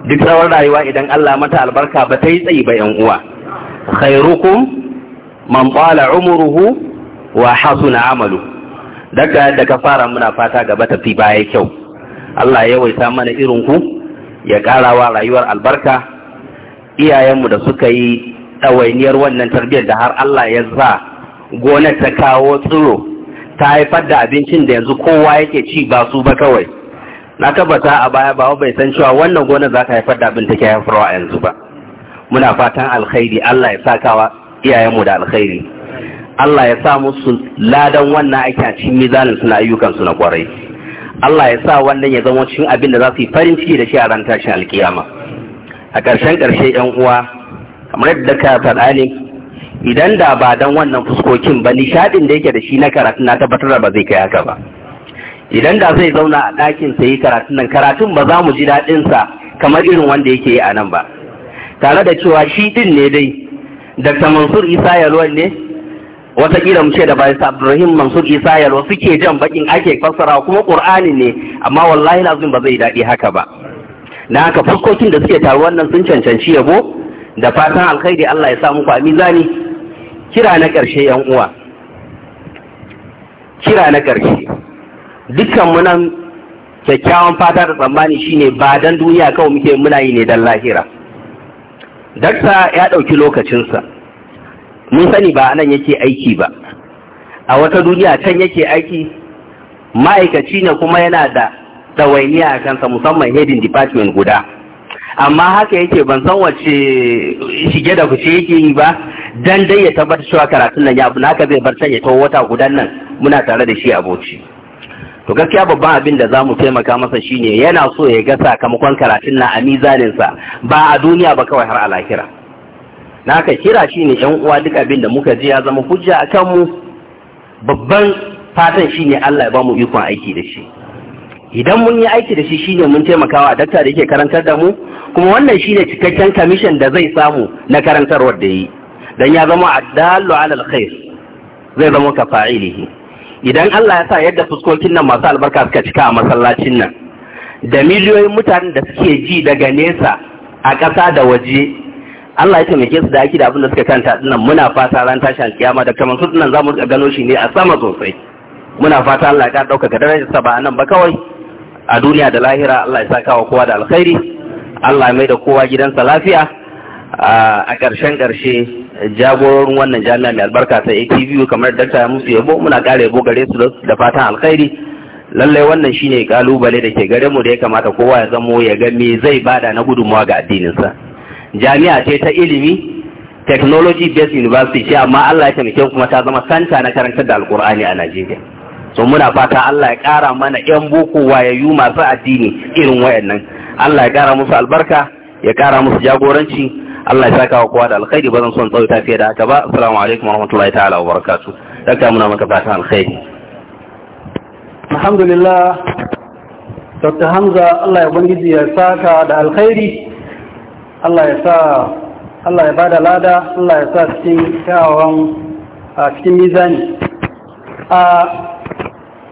duk tsawon rayuwa idan Allah mata albarka ba ta yi tsayi ba yan uwa khairukum man qala umruhu wa hasuna amalu daga da fara muna fata gaba ta fi baya kyau Allah ya waita mana irin ku ya karawa rayuwar albarka iyayenmu da suka yi ɗawainiyar wannan tarbiyyar da har Allah ya za gonar ta kawo tsiro ta haifar da abincin da yanzu kowa yake ci ba su ba kawai na tabbata a baya ba bai san cewa wannan gonar za ka haifar da abin take haifarwa a yanzu ba muna fatan alkhairi Allah ya sakawa iyayenmu da alkhairi Allah ya sa musu ladan wannan aiki a cikin mizanin suna ayyukan su na kwarai Allah ya sa wannan ya zama cikin abin da za su yi farin ciki da shi a ran tashin alkiyama a ƙarshen ƙarshe yan uwa kamar yadda ka faɗa ne idan da ba dan wannan fuskokin ba nishaɗin da yake da shi na karatu na tabbatar da ba zai kai haka ba idan da zai zauna a ɗakin sa yi karatun nan karatun ba za mu ji daɗin sa kamar irin wanda yake yi a nan ba tare da cewa shi din ne dai Dr. Mansur Isa Yalwa ne Wataƙila mu ce da sa Ibrahim Mansur Isa Yalwa suke jan bakin ake fassara kuma Qur'ani ne amma wallahi lazim ba zai daɗi haka ba na haka fuskokin da suke taruwa nan sun cancanci yabo da fatan alkhairi Allah ya sa muku a mizani kira na ƙarshe yan uwa kira na ƙarshe dukkan munan kyakkyawan fata da tsammani shine ba dan duniya kawai muke muna yi ne dan lahira dakta ya ɗauki lokacinsa mun sani ba nan yake aiki ba a wata duniya can yake aiki ma'aikaci ne kuma yana da ɗawainiya a kansa musamman hedin department guda amma haka yake ban san wace shige da kuce yake yi ba dan dai ya tabbatar cewa karatun nan ya abu haka zai bar can ya tawo wata gudan nan muna tare da shi aboci to gaskiya babban abin da za mu taimaka masa shine yana so ya ga sakamakon karatun na a mizaninsa ba a duniya ba kawai har a lahira na ka kira shine yan uwa duk abin da muka ji ya zama hujja a kanmu babban fatan shine Allah ya ba mu ikon aiki da shi idan mun yi aiki da shi shine mun taimakawa a dakta da yake karantar da mu kuma wannan shine cikakken kamishin da zai samu na karantarwar da yi dan ya zama addallu ala alkhair zai zama ka fa'ilihi idan Allah ya sa yadda fuskokin nan masu albarka suka cika a masallacin nan da miliyoyin mutanen da suke ji daga nesa a ƙasa da waje Allah ya taimake su da ake da abin da suka kanta dinnan muna fata ran tashin kiyama da kamar su dinnan zamu ga gano shi ne a sama sosai muna fata Allah ya ka ga darajar sa ba nan ba kawai a duniya da lahira Allah ya saka wa kowa da alkhairi Allah ya mai da kowa gidansa lafiya a ƙarshen ƙarshe jagororin wannan jami'a mai albarka ta ATV kamar Dr. Musu Yabo muna ƙara yabo gare su da fatan alkhairi lallai wannan shine kalubale da ke gare mu da ya kamata kowa ya zamo ya ga me zai bada na gudunmawa ga addinin sa jami'a ce ta ilimi technology based university ce amma Allah ya taimake kuma ta zama santa na karantar da alkur'ani a Najeriya so muna fata Allah ya kara mana yan boko wayayyu masu addini irin wayannan Allah ya kara musu albarka ya kara musu jagoranci Allah ya saka wa kowa da alkhairi ba zan son tsawaita fiye da haka ba assalamu alaikum warahmatullahi ta'ala wa barakatuh ka muna maka fatan alkhairi alhamdulillah Dr. Hamza Allah ya bangiji ya saka da alkhairi Allah ya sa Allah ya bada lada Allah ya sa cikin kyawawan a cikin mizani a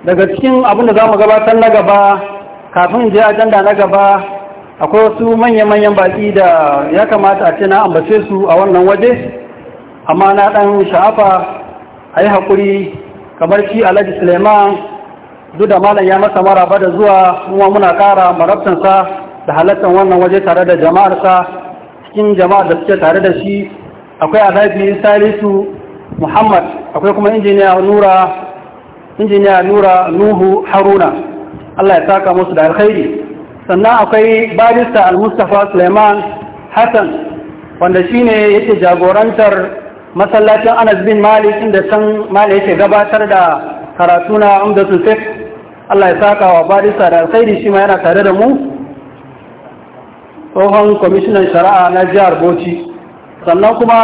daga cikin abin da za mu gabatar na gaba kafin je ajanda na gaba akwai wasu manya-manyan baki da ya kamata a ce na ambace su a wannan waje amma na ɗan sha'afa a yi haƙuri kamar shi alhaji suleiman duk da malam ya masa maraba da zuwa kuma muna ƙara marabtansa da halattar wannan waje tare da jama'arsa cikin jama'ar da suke tare da shi akwai alhaji salisu muhammad akwai kuma injiniya nura injiniya nura nuhu haruna allah ya saka musu da alkhairi sannan akwai barista al-mustapha suleiman hassan wanda shi ne yake jagorantar masallacin anas bin malik inda can malik yake gabatar da karatu na umdatul fiqh Allah ya saka wa barista da alkhairi shi ma yana tare da mu tsohon kwamishinan shari'a na jihar bauchi sannan kuma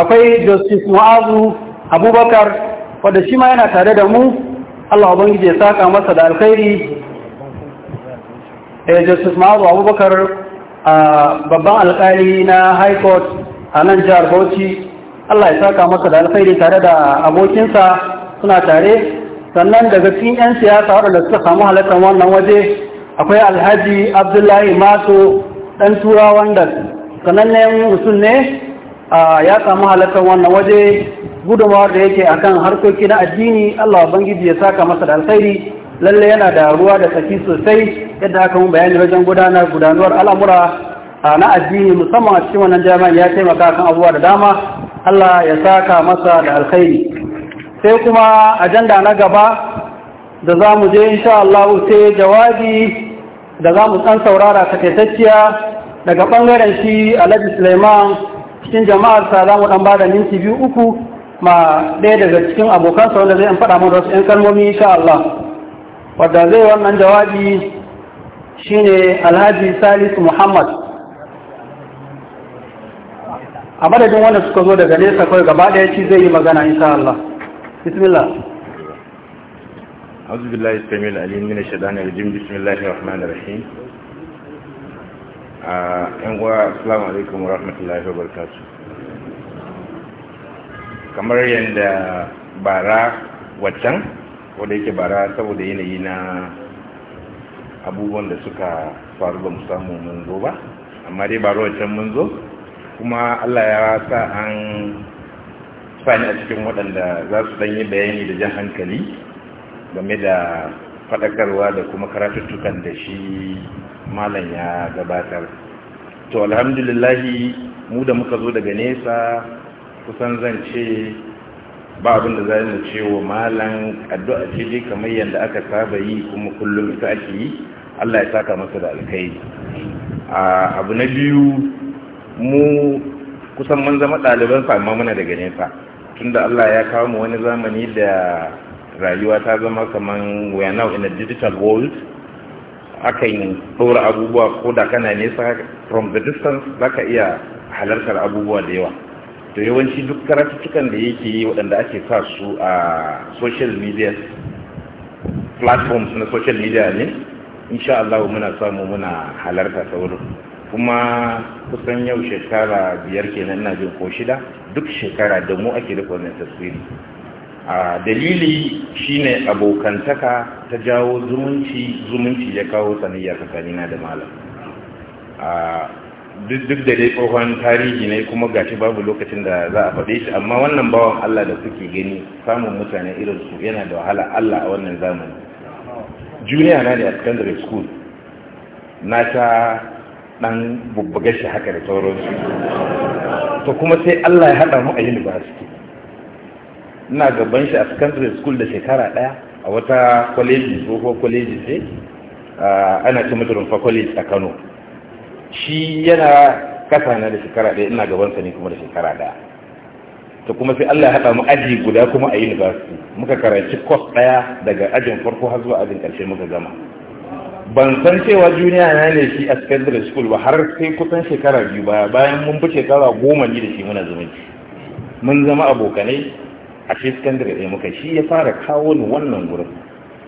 akwai justice mu'azu abubakar wadda shi ma yana tare da mu Allah ubangiji ya saka masa da alkhairi Eh, joseph ma'azu abubakar a babban alkali na high court a nan jihar bauchi allah ya saka masa da alfairi tare da abokinsa suna tare sannan daga cikin 'yan siyasa waɗanda suka samu halittar wannan waje akwai alhaji abdullahi mato ɗan turawan da sanannen usul ne ya samu halittar wannan waje gudunmawar da yake akan harkoki na addini allah bangiji ya saka masa da alfairi lalle yana da ruwa da tsaki sosai yadda aka mun bayani wajen gudanar gudanuwar al'amura na addini musamman a cikin wannan jami'an ya taimaka kan abubuwa da dama Allah ya saka masa da alkhairi sai kuma ajanda na gaba da za mu je insha Allah sai jawabi da za mu san saurara takaitacciya daga bangaren shi Alhaji Suleiman cikin jama'ar sa za mu dan bada minti biyu uku ma ɗaya daga cikin abokansa wanda zai an faɗa mana wasu 'yan kalmomi insha Allah wadda zai wannan jawabi shine alhaji salisu muhammad a madadin wanda suka zo daga nesa kawai gaba daya ci zai yi magana insha Allah bismillah أعوذ بالله السميع العليم من الشيطان الرجيم بسم الله rahim a ah, yan uwa assalamu alaikum wa wabarakatuh kamar yadda bara waccan wanda yake bara saboda yanayi na abubuwan da suka faru ba musamman samu mun ba amma dai ba can mun zo kuma allah ya sa an sani a cikin waɗanda za su ɗanyi bayani da jan hankali game da faɗakarwa da kuma karatuttukan da shi malam ya gabatar to alhamdulillahi mu da muka zo daga nesa kusan zan ce ba abin da za mu ce wa malan addu'a ce dai kamar yadda aka saba yi kuma kullum ita ake yi Allah ya saka masa da alkai abu na biyu mu kusan mun zama ɗaliban sa amma muna daga nesa tunda Allah ya kawo mu wani zamani da rayuwa ta zama kamar we are now in a digital world akan tsora abubuwa ko da kana nesa from the distance zaka iya halartar abubuwa da yawa to yawanci duk karatuttukan da yake yi waɗanda ake sa su a social media platforms na social media ne insha Allah muna samu muna halarta saurin kuma kusan yau shekara biyar kenan ina jin ko shida duk shekara da mu ake da wannan taswiri a dalili shine abokantaka ta jawo zumunci zumunci ya kawo sanayya tsakanina da malam duk da dai tsohon tarihi ne kuma gashi babu lokacin da za a faɗe shi amma wannan bawan Allah da kuke gani samun mutane irin su yana da wahala Allah a wannan zamani junior na ne a secondary school na ta dan bubbuga shi haka da sauransu to kuma sai Allah ya haɗa mu a university ina gaban shi a secondary school da shekara ɗaya a wata college tsohuwar college ce ana ce mutum rumfa college a Kano shi yana kasa na da shekara ɗaya ina gabansa ne kuma da shekara ɗaya to kuma sai Allah ya haɗa mu aji guda kuma a university muka karanci course ɗaya daga ajin farko har zuwa ajin ƙarshe muka gama ban san cewa juniya na ne shi a secondary school ba har sai kusan shekara biyu baya bayan mun fi shekara goma ni da shi muna zumunci mun zama abokanai a shi secondary ɗaya muka shi ya fara kawo ni wannan gurin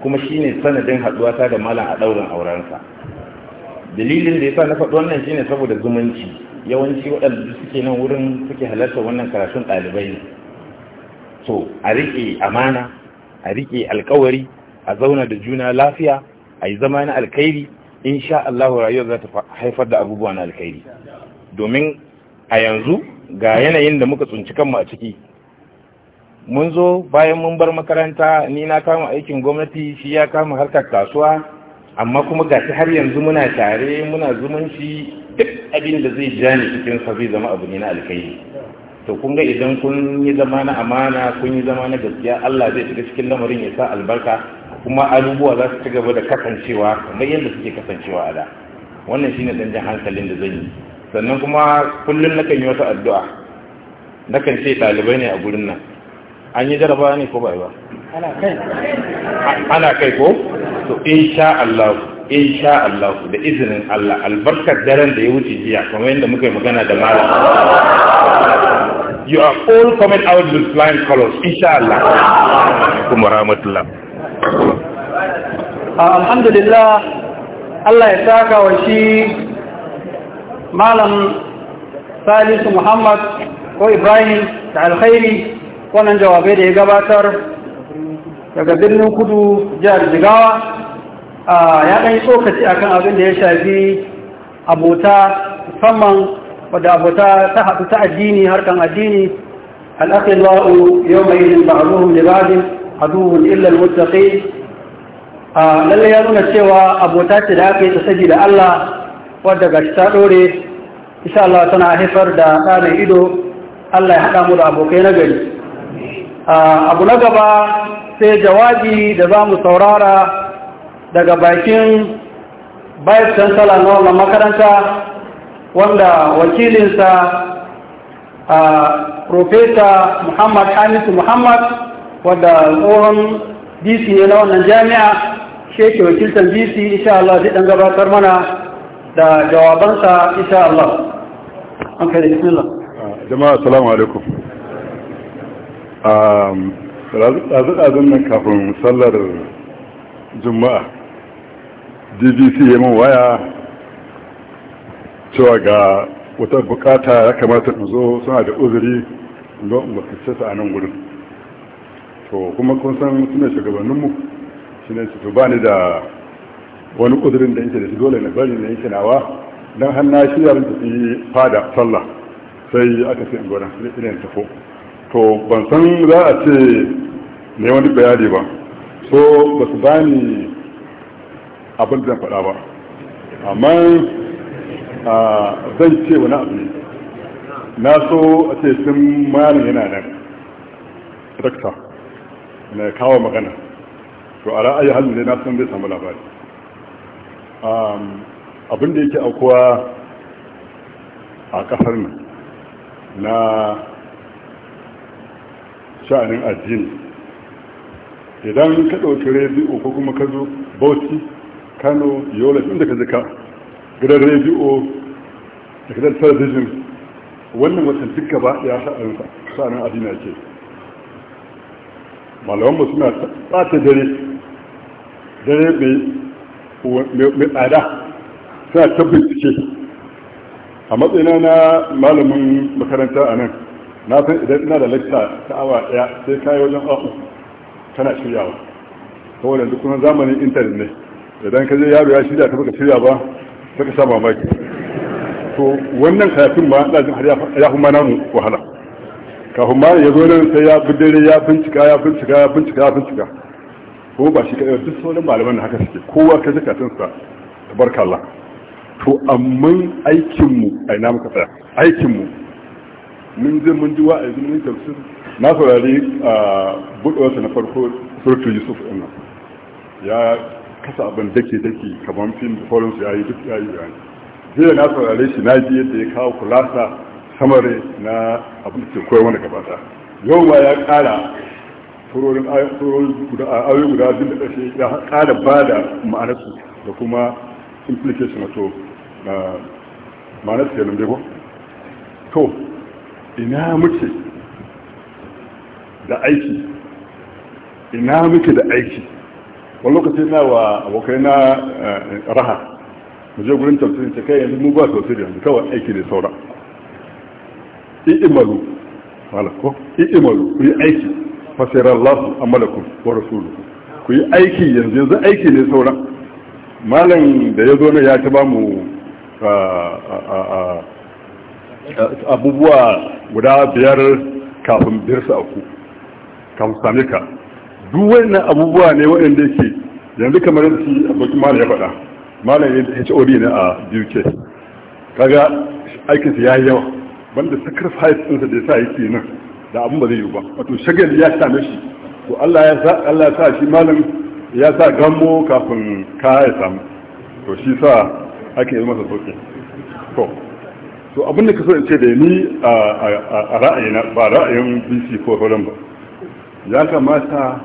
kuma shine sanadin ta da malam a ɗaurin aurensa dalilin da ya sa na faɗi wannan shine saboda zumunci yawanci waɗanda suke nan wurin suke halarta wannan karatun ɗalibai ne to a riƙe amana a riƙe alƙawari a zauna da juna lafiya a yi zama na alkhairi insha Allah rayuwar za ta haifar da abubuwa na alkhairi domin a yanzu ga yanayin da muka tsunci kanmu a ciki mun zo bayan mun bar makaranta ni na kama aikin gwamnati shi ya kama harkar kasuwa amma kuma ga har yanzu muna tare muna zumunci duk abin da zai ja ni cikin sa zai zama abu ne na alkhairi to kun ga idan kun yi zama na amana kun yi zama na gaskiya Allah zai shiga cikin lamarin ya sa albarka kuma abubuwa za su ci gaba da kasancewa kamar yadda suke kasancewa a da wannan shine dan jan hankalin da zan yi sannan kuma kullum nakan yi wata addu'a nakan ce ɗalibai ne a gurin nan an yi jaraba ne ko bai ba ana kai ko to insha Allah insha Allah da izinin Allah albarkar daren da ya wuce jiya kamar yadda muka yi magana da malam you are all coming out with flying colors insha Allah kuma rahmatullah ah, alhamdulillah Allah ya saka wa shi malam Salisu Muhammad ko Ibrahim da alkhairi wannan jawabai da ya gabatar daga birnin kudu jihar jigawa ya ɗan yi tsokaci a kan abin da ya shafi abota musamman wadda abota ta haɗu ta addini harkan addini al'aƙilwa'u yau mai yin ba'aruhun libadin aduhun illal mutaƙi lallai ya nuna cewa abota ce da aka yi ta sabi da allah wadda ga ta ɗore insha Allah tana haifar da ɗanin ido Allah ya haɗa mu da abokai na gari abu na gaba sai jawabi da za mu saurara daga bakin bayan chancellor na wannan makaranta wanda wakilinsa a profesa muhammad hamisu muhammad wadda tsohon dc ne na wannan jami'a sheke wakiltar dc isha Allah zai dan gabatar mana da jawabansa isha Allah an kai da bismillah jama'a assalamu alaikum Um, a ɗazun nan kafin sallar juma'a dbc ya mun waya cewa ga wata bukata ya kamata in zo suna da uzuri don in su a nan gudun to kuma kun san suna shugabanninmu shi ne su ba ni da wani uzurin da yake da shi dole na bari na yake nawa don hannu da yarin tafi fada sallah sai aka sai in gona ina tafo to ban san za a ce ne wani bayani ba so ba su bani abin da faɗa ba amma zan ce wani abu ne na so a ce sun mani yana nan rakta na kawo magana to a ra'ayi halin ne na san zai samu labari abin da yake aukuwa a ƙasar nan na sha'anin addini idan ka ɗauki rediyo ko kuma ka zo bauchi kano yola inda ka zika gidan rediyo da gidan talabijin wannan watan duka ba ya sha'aninsa sha'anin addini ke malamanmu suna tsata dare dare mai tsada suna tabbin cike a matsayina na malamin makaranta a nan na san idan ina da lakta ta awa ɗaya sai kayi wajen awa kana shiryawa saboda duk kuma zamanin intanet ne idan ka je yaro ya shirya ka baka shirya ba saka sa mamaki to wannan kafin ma ina jin har ya fi mana mu wahala kafin ma ya zo nan sai ya bi dare ya bincika ya bincika ya bincika ya bincika ko ba shi kaɗai duk sauran malaman da haka suke kowa ka ji sa tabarka Allah to amma aikinmu a ina muka tsaya aikinmu mun je mun ji wa'azi mun tafsir na saurari a buɗewarsa na farko surtu yusuf ɗin ya kasa abin dake dake kamar fim da sauransu ya yi duk ya yi bayani na saurari shi na ji yadda ya kawo kulasa samare na abin da ke koyar wani gabata yau ma ya kara turorin ayoyi guda abin da ƙashe ya kara ba da ma'anarsu da kuma implication wato ma'anarsu kenan dai ko to ina muke da aiki ina muke da aiki wani lokaci na wa abokai na eh, raha mu je gurin tafsirin ta kai yanzu mu ba tafsiri yanzu kawai aiki da saura i'malu malako ko i'malu ku yi aiki fasirar a malakun wa rasuluhu ku yi aiki yanzu yanzu aiki ne saura. malam da ya zo na ya ta ba mu ah, ah, ah, abubuwa guda biyar kafin biyar su aku kafin same ka duwai na abubuwa ne waɗanda yake yanzu kamar yanzu abokin malam ya faɗa malam ya hod ne a uk kaga aikinsa ya yi yawa banda sacrifice ɗinsa da ya sa yake nan da abin ba zai yi ba wato shagali ya same shi to Allah ya sa Allah ya sa shi malam ya sa gambo kafin kaya samu to shi sa ake yi masa sauki to to abin da ka so in ce da ni a ra'ayina ba ra'ayin bc ko horon ba ya kamata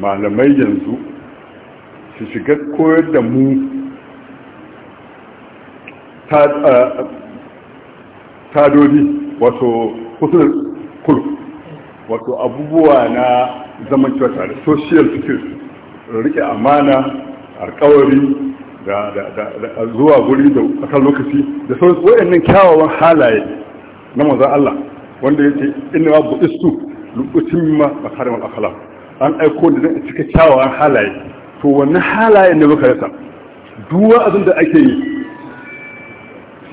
malamai yanzu su shiga koyar da mu tadodi wato kusur kulu wato abubuwa na zaman kyauta da social skills rike amana alkawari da zuwa guri da kasar lokaci da sauran wayannan kyawawan halaye na manzon Allah wanda yake inna ma buistu lu'utimma makarim al-akhlaq an aiko da zan cika kyawawan halaye to wannan halaye ne baka rasa duwa abin da ake yi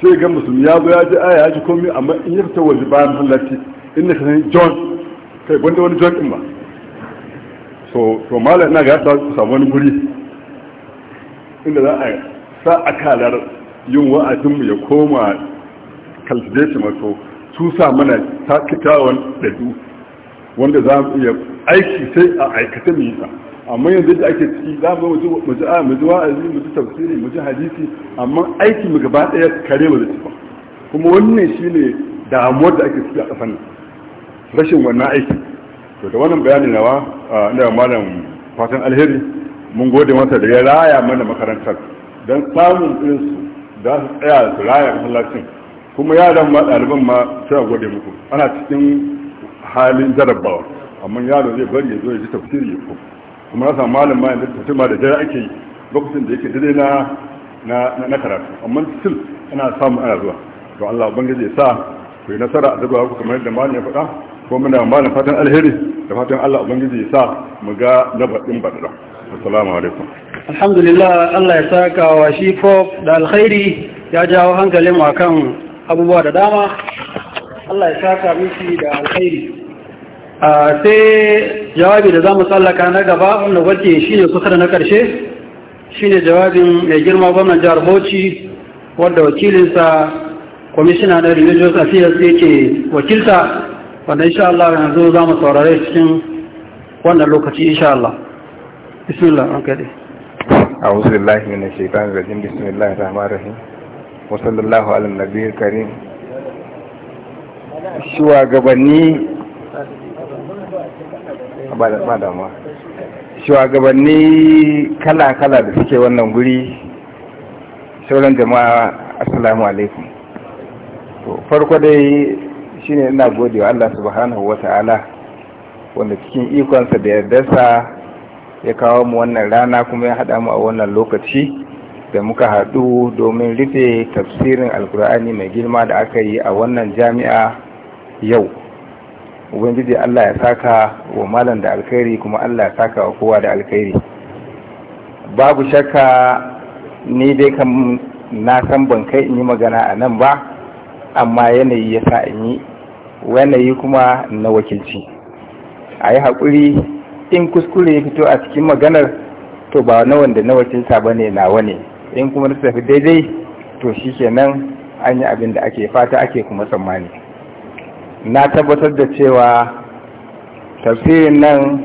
sai ga musulmi ya zo ya ji aya ya ji komai amma in ya fita waje bayan mahallaci inda ka san john kai gwanda wani john din ba so to malam ina ga ta samu wani guri inda za a sa akalar yin wa'azinmu ya koma kalsideci maso su sa mana takitawan ɗadu wanda za mu iya aiki sai a aikata mu yi sa amma yanzu da ake ciki za mu ji a mu ah, wa'azi mu ji tafsiri mu ji hadisi amma aiki mu gaba ɗaya kare mu da ci kuma wannan shi ne damuwar da ake ciki a ƙasar nan rashin wannan aiki to da wannan bayanin nawa ah, na malam fatan alheri mun gode masa da ya raya mana makarantar don samun irinsu za su tsaya su raya masallacin kuma yaran ma ɗaliban ma suna gode muku ana cikin halin jarabawa amma yaro zai bari ya zo ya ji tafsiri ya kuma kuma samu malam ma yanzu tafsir ma da jira ake yi lokacin da yake daidai na na karatu amma still ana samu ana zuwa to Allah ubangiji ya sa ku yi nasara a zuba ku kamar yadda malam ya faɗa ko muna malam fatan alheri da fatan Allah ubangiji ya sa mu ga na baɗin baɗin assalamu alaikum alhamdulillah Allah ya saka wa shi da alkhairi ya jawo hankalin mu akan abubuwa da dama Allah ya saka miki da alkhairi sai jawabi da zamu sallaka na gaba wanda wace shine kusa da na karshe shine jawabin mai girma gwamnan jihar Bauchi wanda wakilinsa kwamishina na religious affairs yake wakilta wanda insha Allah yanzu zamu saurare cikin wannan lokaci insha Allah bismillah an أعوذ بالله من الشيطان الرجيم بسم الله الرحمن الرحيم وصلى الله على النبي shugabanni kala-kala da suke wannan guri sauran jama'a asalamu alaikum to farko dai shine ina gode wa Allah subhanahu ta'ala wanda cikin ikonsa da yardarsa ya kawo mu wannan rana kuma ya haɗa mu a wannan lokaci da muka haɗu domin rufe tafsirin alkur'ani mai girma da aka yi a wannan jami'a yau ubangiji allah ya saka wa malam da alkhairi kuma allah ya saka wa kowa da alkhairi babu shakka ni dai kan na san ban kai in yi magana a nan ba amma yanayi ya sa in yi yanayi kuma na wakilci a yi haƙuri in kuskure ya fito a cikin maganar to ba na wanda na wakilta ba ne nawa ne in kuma na tafi daidai to shi kenan an yi abin da ake fata ake kuma tsammani na tabbatar da cewa tafsirin nan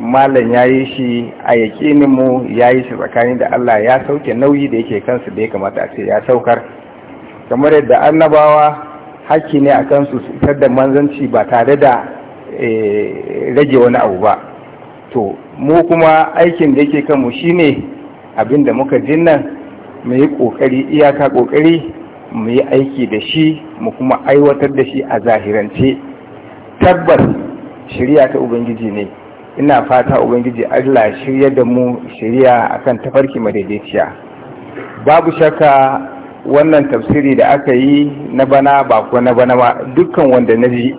malam ya yi shi a yaƙininmu mu ya yi shi tsakanin da Allah ya sauke nauyi da yake kansu da ya kamata a ce ya saukar kamar yadda annabawa hakki ne a kansu su fitar da manzanci ba tare da eh, rage wani abu ba to mu kuma aikin da yake kanmu shine da muka jin nan mu yi kokari iyaka kokari mu yi aiki da shi mu kuma aiwatar da shi a zahirance tabbas shirya ta ubangiji ne ina fata ubangiji allah shirya da mu shirya akan tafarki madaidaiciya babu shakka wannan tafsiri da aka yi na bana ba ko na bana ba dukkan wanda na ji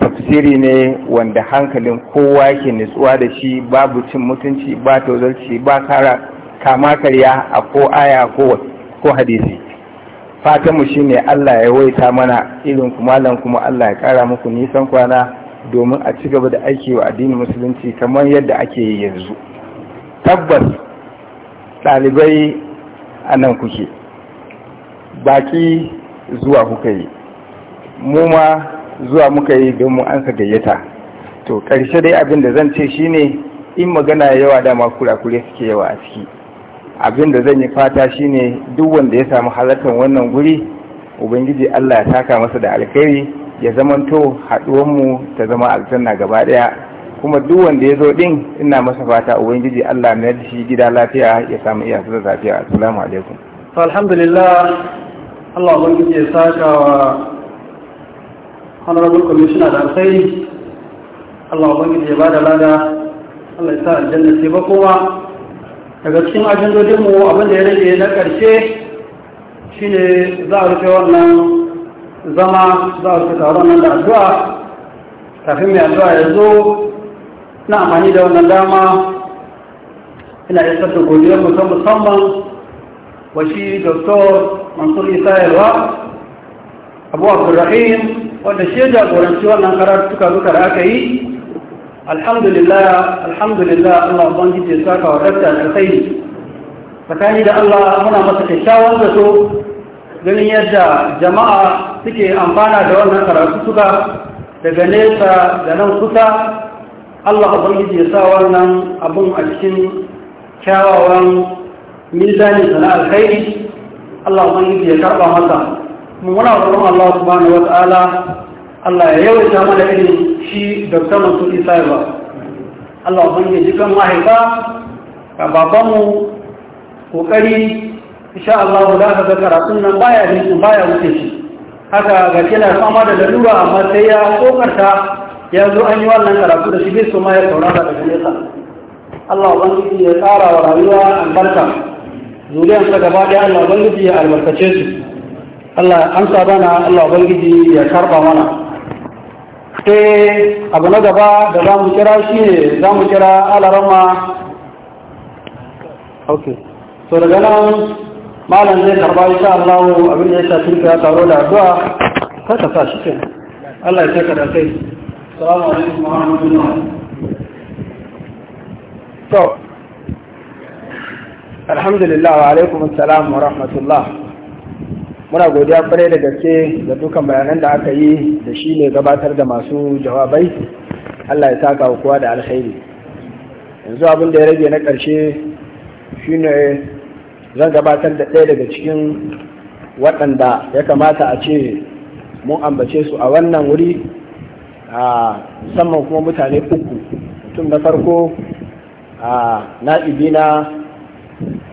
tafsiri ne wanda hankalin kowa ke nutsuwa da shi babu cin mutunci ba tozarci ba kara kama karya a ko aya ko hadisi fatanmu shine Allah ya waita mana irin kumalan kuma Allah ya kara muku nisan kwana domin a ci gaba da aiki wa addinin musulunci kamar yadda ake yi yanzu tabbas ɗalibai anan kuke baki zuwa kuka yi mu ma zuwa muka yi don mu ansa gayyata to ƙarshe dai abin da zan ce shine in magana yawa dama kurakure suke yawa a ciki abin da zan yi fata shine duk wanda ya samu halartar wannan guri ubangiji allah ya taka masa da alkhairi ya zamanto mu ta zama aljanna gaba ɗaya kuma duk wanda ya zo ɗin ina masa fata ubangiji allah na shi gida lafiya ya samu iya zuwa lafiya assalamu alaikum alhamdulillah allah ubangiji ya saka wa honorable commissioner da alkhairi Allah ba ya bada lada Allah ya sa aljanna ce ba kowa daga cikin ajandodin mu abin da ya rage na karshe shine za a rufe wannan zama za a rufe taron nan da addu'a kafin mai addu'a ya zo na amfani da wannan dama ina isar da godiyar musamman wa shi dr mansur isa yalwa abu abdulrahim wanda shi jagoranci wannan tuka duka da aka yi alhamdulillah alhamdulillah Allah ubangiji ce saka wa dakta alkhairi tsakani da Allah muna masa kyakkyawan zato ganin yadda jama'a suke amfana da wannan karatu suka daga nesa da nan kusa Allah ubangiji ce sa wannan abun a cikin kyawawan mizanin sana'ar kai Allah ubangiji ya karɓa masa mu muna kuma Allah subhanahu wata'ala Allah ya yawaita mana irin shi da saman su Isa ba Allah ubangiji kan mahaifa ga babanmu kokari insha Allah da aka ga karatun nan baya su baya wuce shi haka ga kina fama da lalura amma sai ya kokarta ya zo an yi wannan karatu da shi bai so ma ya da daga nesa Allah ubangiji ya tsara wa rayuwa albarka zuriyarsa gaba ɗaya Allah ubangiji ya albarkace su Allah an sabana Allah ubangiji ya karba mana sai abu na gaba da za mu kira shi ne za mu kira alarama ok so daga nan malam zai karba isa Allah abin da ya shafi ya taro da addu'a kasa sa shi ke Allah ya saka da kai Salamu alaikum wa rahmatullah to alhamdulillah wa alaikum assalam wa rahmatullah muna godiya kwarai da gaske da dukan bayanan da aka yi da shi ne gabatar da masu jawabai allah ya wa kowa da alkhairi yanzu abin da ya rage na ƙarshe shine zan gabatar da ɗaya daga cikin waɗanda ya kamata a ce mun ambace su a wannan wuri a musamman kuma mutane uku mutum na farko a na'ibina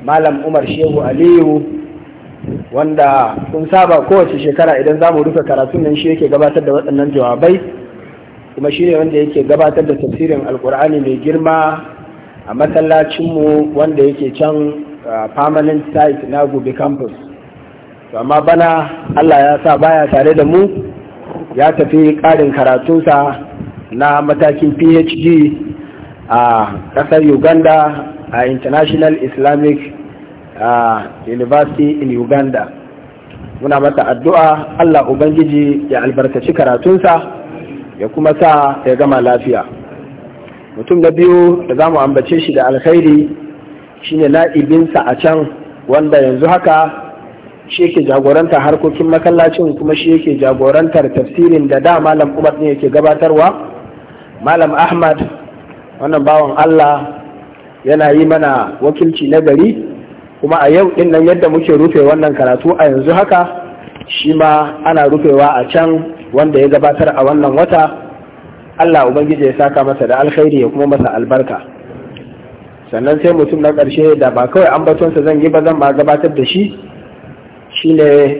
malam umar shehu aliyu wanda kun saba kowace shekara idan za mu rufe karatun nan shi yake gabatar da waɗannan jawabai kuma shi ne wanda yake gabatar da tafsirin alkur'ani mai girma a masallacinmu wanda yake can permanent site na gobe campus amma bana allah ya sa baya tare da mu ya tafi ƙarin karatunsa na matakin phd a ƙasar uganda a international islamic A university in uganda muna mata addu'a allah ubangiji ya albarkaci karatunsa ya kuma sa ya gama lafiya mutum na biyu da za mu ambace shi da alkhairi shine na'ibinsa a can wanda yanzu haka shi yake jagoranta harkokin makallacin, kuma shi yake jagorantar tafsirin da da malam umar ne yake gabatarwa malam ahmad wannan bawan allah yana yi mana wakilci na gari kuma a yau din nan yadda muke rufe wannan karatu a yanzu haka shi ma ana rufewa a can wanda ya gabatar a wannan wata Allah ubangiji ya saka masa da alkhairi ya kuma masa albarka sannan sai mutum na ƙarshe da ba kawai an ambatonsa zan yi ba zan ma gabatar da shi shi ne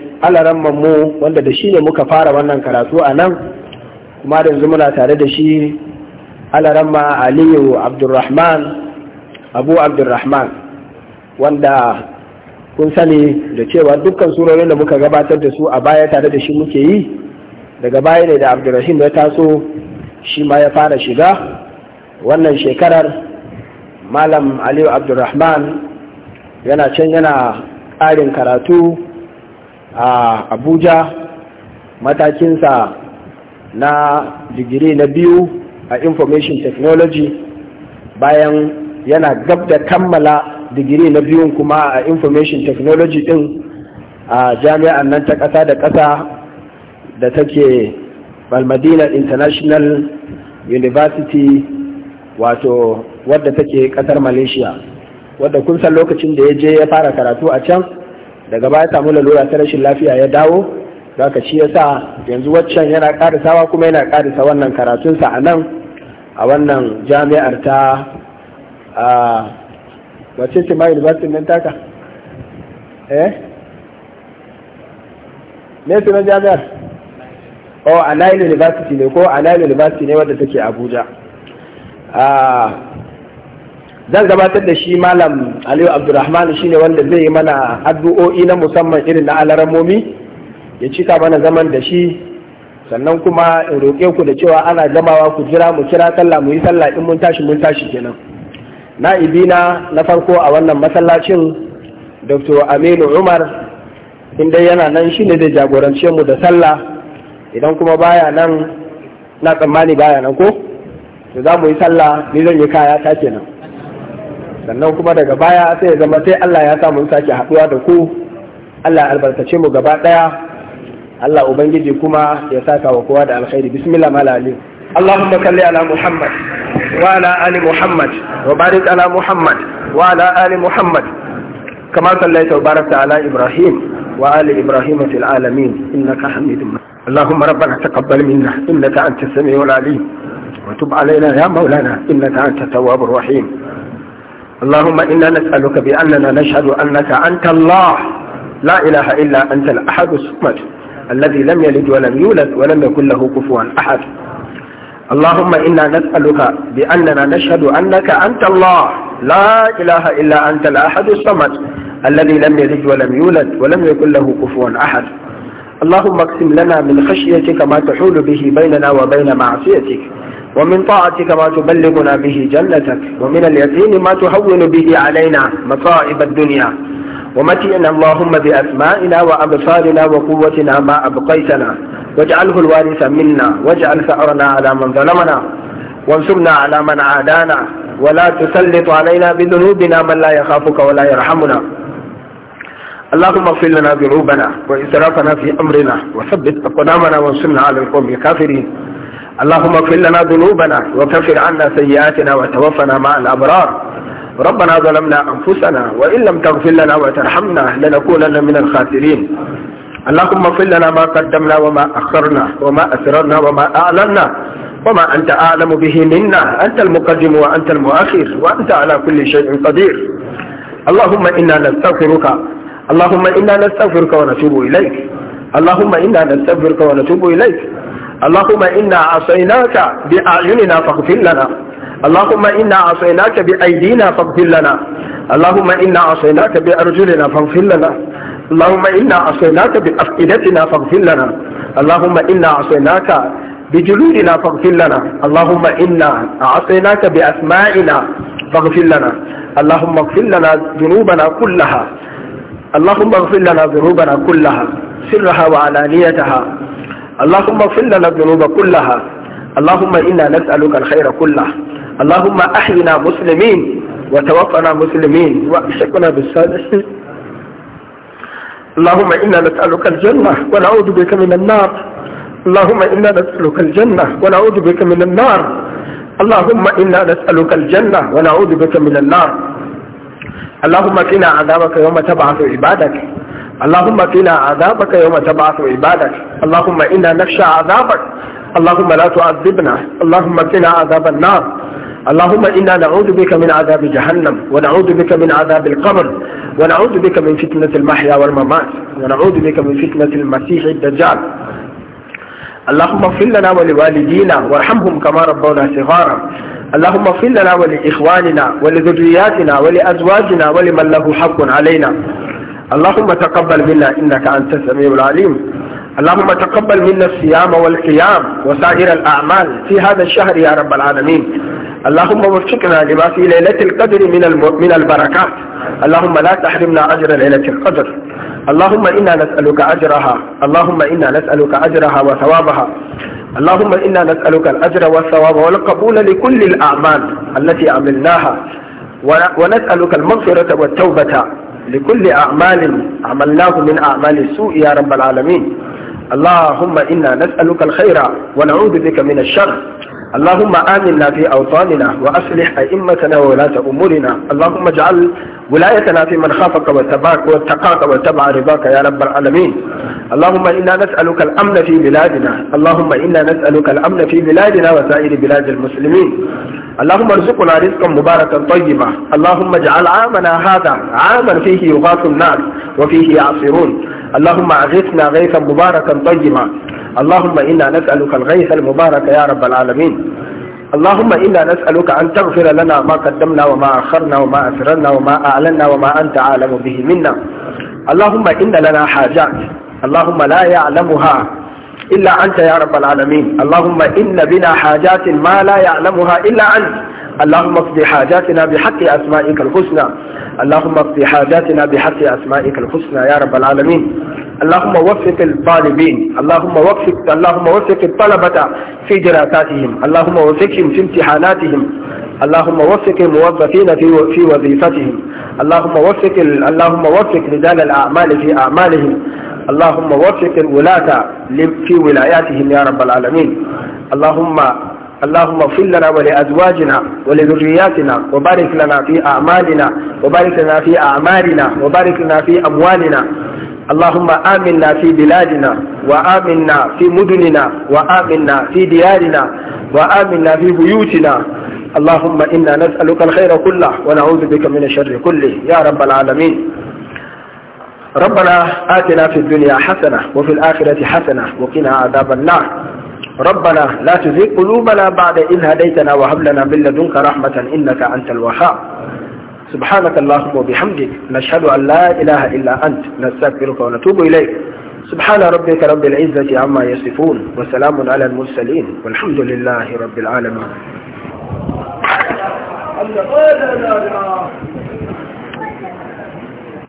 mu wanda da shi ne muka fara wannan karatu a nan kuma da yanzu muna tare da shi alaramma aliyu abdurrahman abu abdurrahman wanda kun sani da cewa dukkan surorin da muka gabatar da su a baya tare da shi muke yi daga baya ne da abdurrahim ya taso shi ma ya fara shiga wannan shekarar malam aliyu abdurrahman yana can yana ƙarin karatu a abuja matakinsa na digiri na biyu a information technology bayan yana gab da kammala digiri na biyun kuma a information technology din a jami'ar nan ta kasa da kasa da take balmadina international university wato wadda take ƙasar malaysia wadda kun san lokacin da ya je ya fara karatu a can daga baya samu lalura ta rashin lafiya ya dawo zaka shi yasa yanzu waccan yana ƙarisawa kuma yana karisa wannan karatunsa a nan a wannan jami'ar ta ba ce ce ma university nan taka eh ne su nan jami'ar o a nile university ne ko a nile university ne wadda take abuja ah, zan gabatar da shi malam aliyu abdurrahman shi ne wanda zai yi mana addu'o'i na musamman irin na alaramomi ya cika mana zaman da shi sannan kuma in roƙe ku da cewa ana gamawa ku jira mu kira sallah mu yi sallah in mun tashi mun tashi kenan na'ibina na farko a wannan masallacin dr aminu umar inda yana nan shi ne da jagorance mu da sallah idan kuma baya nan na tsammani baya nan ko to za mu yi sallah ni zan yi kaya ta kenan sannan kuma daga baya sai ya zama sai allah ya sa samu sake haɗuwa da ku allah ya albarkace mu gaba ɗaya allah ubangiji kuma ya saka wa kowa da alkhairi bismillah malalim اللهم صل على محمد وعلى آل محمد وبارك على محمد وعلى آل محمد كما صليت وباركت على إبراهيم وآل إبراهيم في العالمين إنك حميد مجيد اللهم ربنا تقبل منا إنك أنت السميع العليم وتب علينا يا مولانا إنك أنت التواب الرحيم اللهم إنا نسألك بأننا نشهد أنك أنت الله لا إله إلا أنت الأحد الصمد الذي لم يلد ولم يولد ولم يكن له كفوا أحد اللهم إنا نسألك بأننا نشهد أنك أنت الله لا إله إلا أنت الأحد الصمد الذي لم يلد ولم يولد ولم يكن له كفوا أحد اللهم اقسم لنا من خشيتك ما تحول به بيننا وبين معصيتك ومن طاعتك ما تبلغنا به جنتك ومن اليقين ما تهون به علينا مصائب الدنيا ومتئنا اللهم بأسمائنا وأبصارنا وقوتنا ما أبقيتنا واجعله الوارث منا واجعل ثأرنا على من ظلمنا وانصرنا على من عادانا ولا تسلط علينا بذنوبنا من لا يخافك ولا يرحمنا اللهم اغفر لنا ذنوبنا وإسرافنا في أمرنا وثبت أقدامنا وانصرنا على القوم الكافرين اللهم اغفر لنا ذنوبنا وكفر عنا سيئاتنا وتوفنا مع الأبرار ربنا ظلمنا أنفسنا وإن لم تغفر لنا وترحمنا لنكونن من الخاسرين اللهم اغفر لنا ما قدمنا وما أخرنا وما أسررنا وما أعلنا وما أنت أعلم به منا أنت المقدم وأنت المؤخر وأنت على كل شيء قدير اللهم إنا نستغفرك اللهم إنا نستغفرك ونتوب إليك اللهم إنا نستغفرك ونتوب إليك اللهم إنا عصيناك بأعيننا فاغفر لنا اللهم إنا عصيناك بأيدينا فاغفر لنا اللهم إنا عصيناك بأرجلنا فاغفر لنا اللهم إنا عصيناك بأفئدتنا فاغفر لنا اللهم إنا عصيناك بجلودنا فاغفر لنا اللهم إنا عصيناك بأسمائنا فاغفر لنا اللهم اغفر لنا ذنوبنا كلها اللهم اغفر لنا ذنوبنا كلها سرها وعلانيتها اللهم اغفر لنا الذنوب كلها اللهم إنا نسألك الخير كله اللهم أحينا مسلمين وتوفنا مسلمين وأمسكنا بالصالحين اللهم إنا نسألك الجنة ونعوذ بك من النار اللهم إنا نسألك الجنة ونعوذ بك من النار اللهم إنا نسألك الجنة ونعوذ بك من النار اللهم قنا عذابك يوم تبعث عبادك اللهم قنا عذابك يوم تبعث عبادك اللهم إنا نخشى عذابك اللهم لا تعذبنا اللهم قنا عذاب النار اللهم إنا نعوذ بك من عذاب جهنم ونعوذ بك من عذاب القبر ونعوذ بك من فتنة المحيا والممات ونعوذ بك من فتنة المسيح الدجال اللهم اغفر لنا ولوالدينا وارحمهم كما ربونا صغارا اللهم اغفر لنا ولإخواننا ولذرياتنا ولأزواجنا ولمن له حق علينا اللهم تقبل منا إنك أنت السميع العليم اللهم تقبل منا الصيام والقيام وسائر الأعمال في هذا الشهر يا رب العالمين اللهم وفقنا لما في ليلة القدر من من البركات اللهم لا تحرمنا أجر ليلة القدر اللهم إنا نسألك أجرها اللهم إنا نسألك أجرها وثوابها اللهم إنا نسألك الأجر والثواب والقبول لكل الأعمال التي عملناها ونسألك المغفرة والتوبة لكل أعمال عملناه من أعمال السوء يا رب العالمين اللهم إنا نسألك الخير ونعوذ بك من الشر اللهم آمنا في أوطاننا وأصلح أئمتنا وولاة أمورنا اللهم اجعل ولايتنا في من خافك وتباك واتقاك واتبع رضاك يا رب العالمين اللهم إنا نسألك الأمن في بلادنا اللهم إنا نسألك الأمن في بلادنا وسائر بلاد المسلمين اللهم ارزقنا رزقا مباركا طيبا اللهم اجعل عامنا هذا عاما فيه يغاث الناس وفيه يعصرون اللهم اغثنا غيثا مباركا طيبا اللهم إنا نسألك الغيث المبارك يا رب العالمين اللهم إنا نسألك أن تغفر لنا ما قدمنا وما أخرنا وما أسررنا وما أعلنا وما أنت عالم به منا اللهم إن لنا حاجات اللهم لا يعلمها إلا أنت يا رب العالمين اللهم إن بنا حاجات ما لا يعلمها إلا أنت اللهم اقضي حاجاتنا بحق أسمائك الحسنى اللهم اقضي حاجاتنا بحق أسمائك الحسنى يا رب العالمين اللهم وفق الطالبين اللهم وفق اللهم وفق الطلبة في دراساتهم اللهم وفقهم في امتحاناتهم اللهم وفق الموظفين في في وظيفتهم اللهم وفق اللهم وفق رجال الأعمال في أعمالهم اللهم وفق الولاة في ولاياتهم يا رب العالمين اللهم اللهم اغفر لنا ولأزواجنا ولذرياتنا وبارك لنا في أعمالنا وبارك لنا في أعمالنا وبارك لنا في أموالنا اللهم آمنا في بلادنا وآمنا في مدننا وآمنا في ديارنا وآمنا في بيوتنا اللهم إنا نسألك الخير كله ونعوذ بك من الشر كله يا رب العالمين ربنا آتنا في الدنيا حسنة وفي الآخرة حسنة وقنا عذاب النار ربنا لا تزيق قلوبنا بعد إذ هديتنا وهب لنا من لدنك رحمة إنك أنت الوهاب سبحانك اللهم وبحمدك نشهد أن لا إله إلا أنت نستغفرك ونتوب إليك سبحان ربك رب العزة عما يصفون وسلام على المرسلين والحمد لله رب العالمين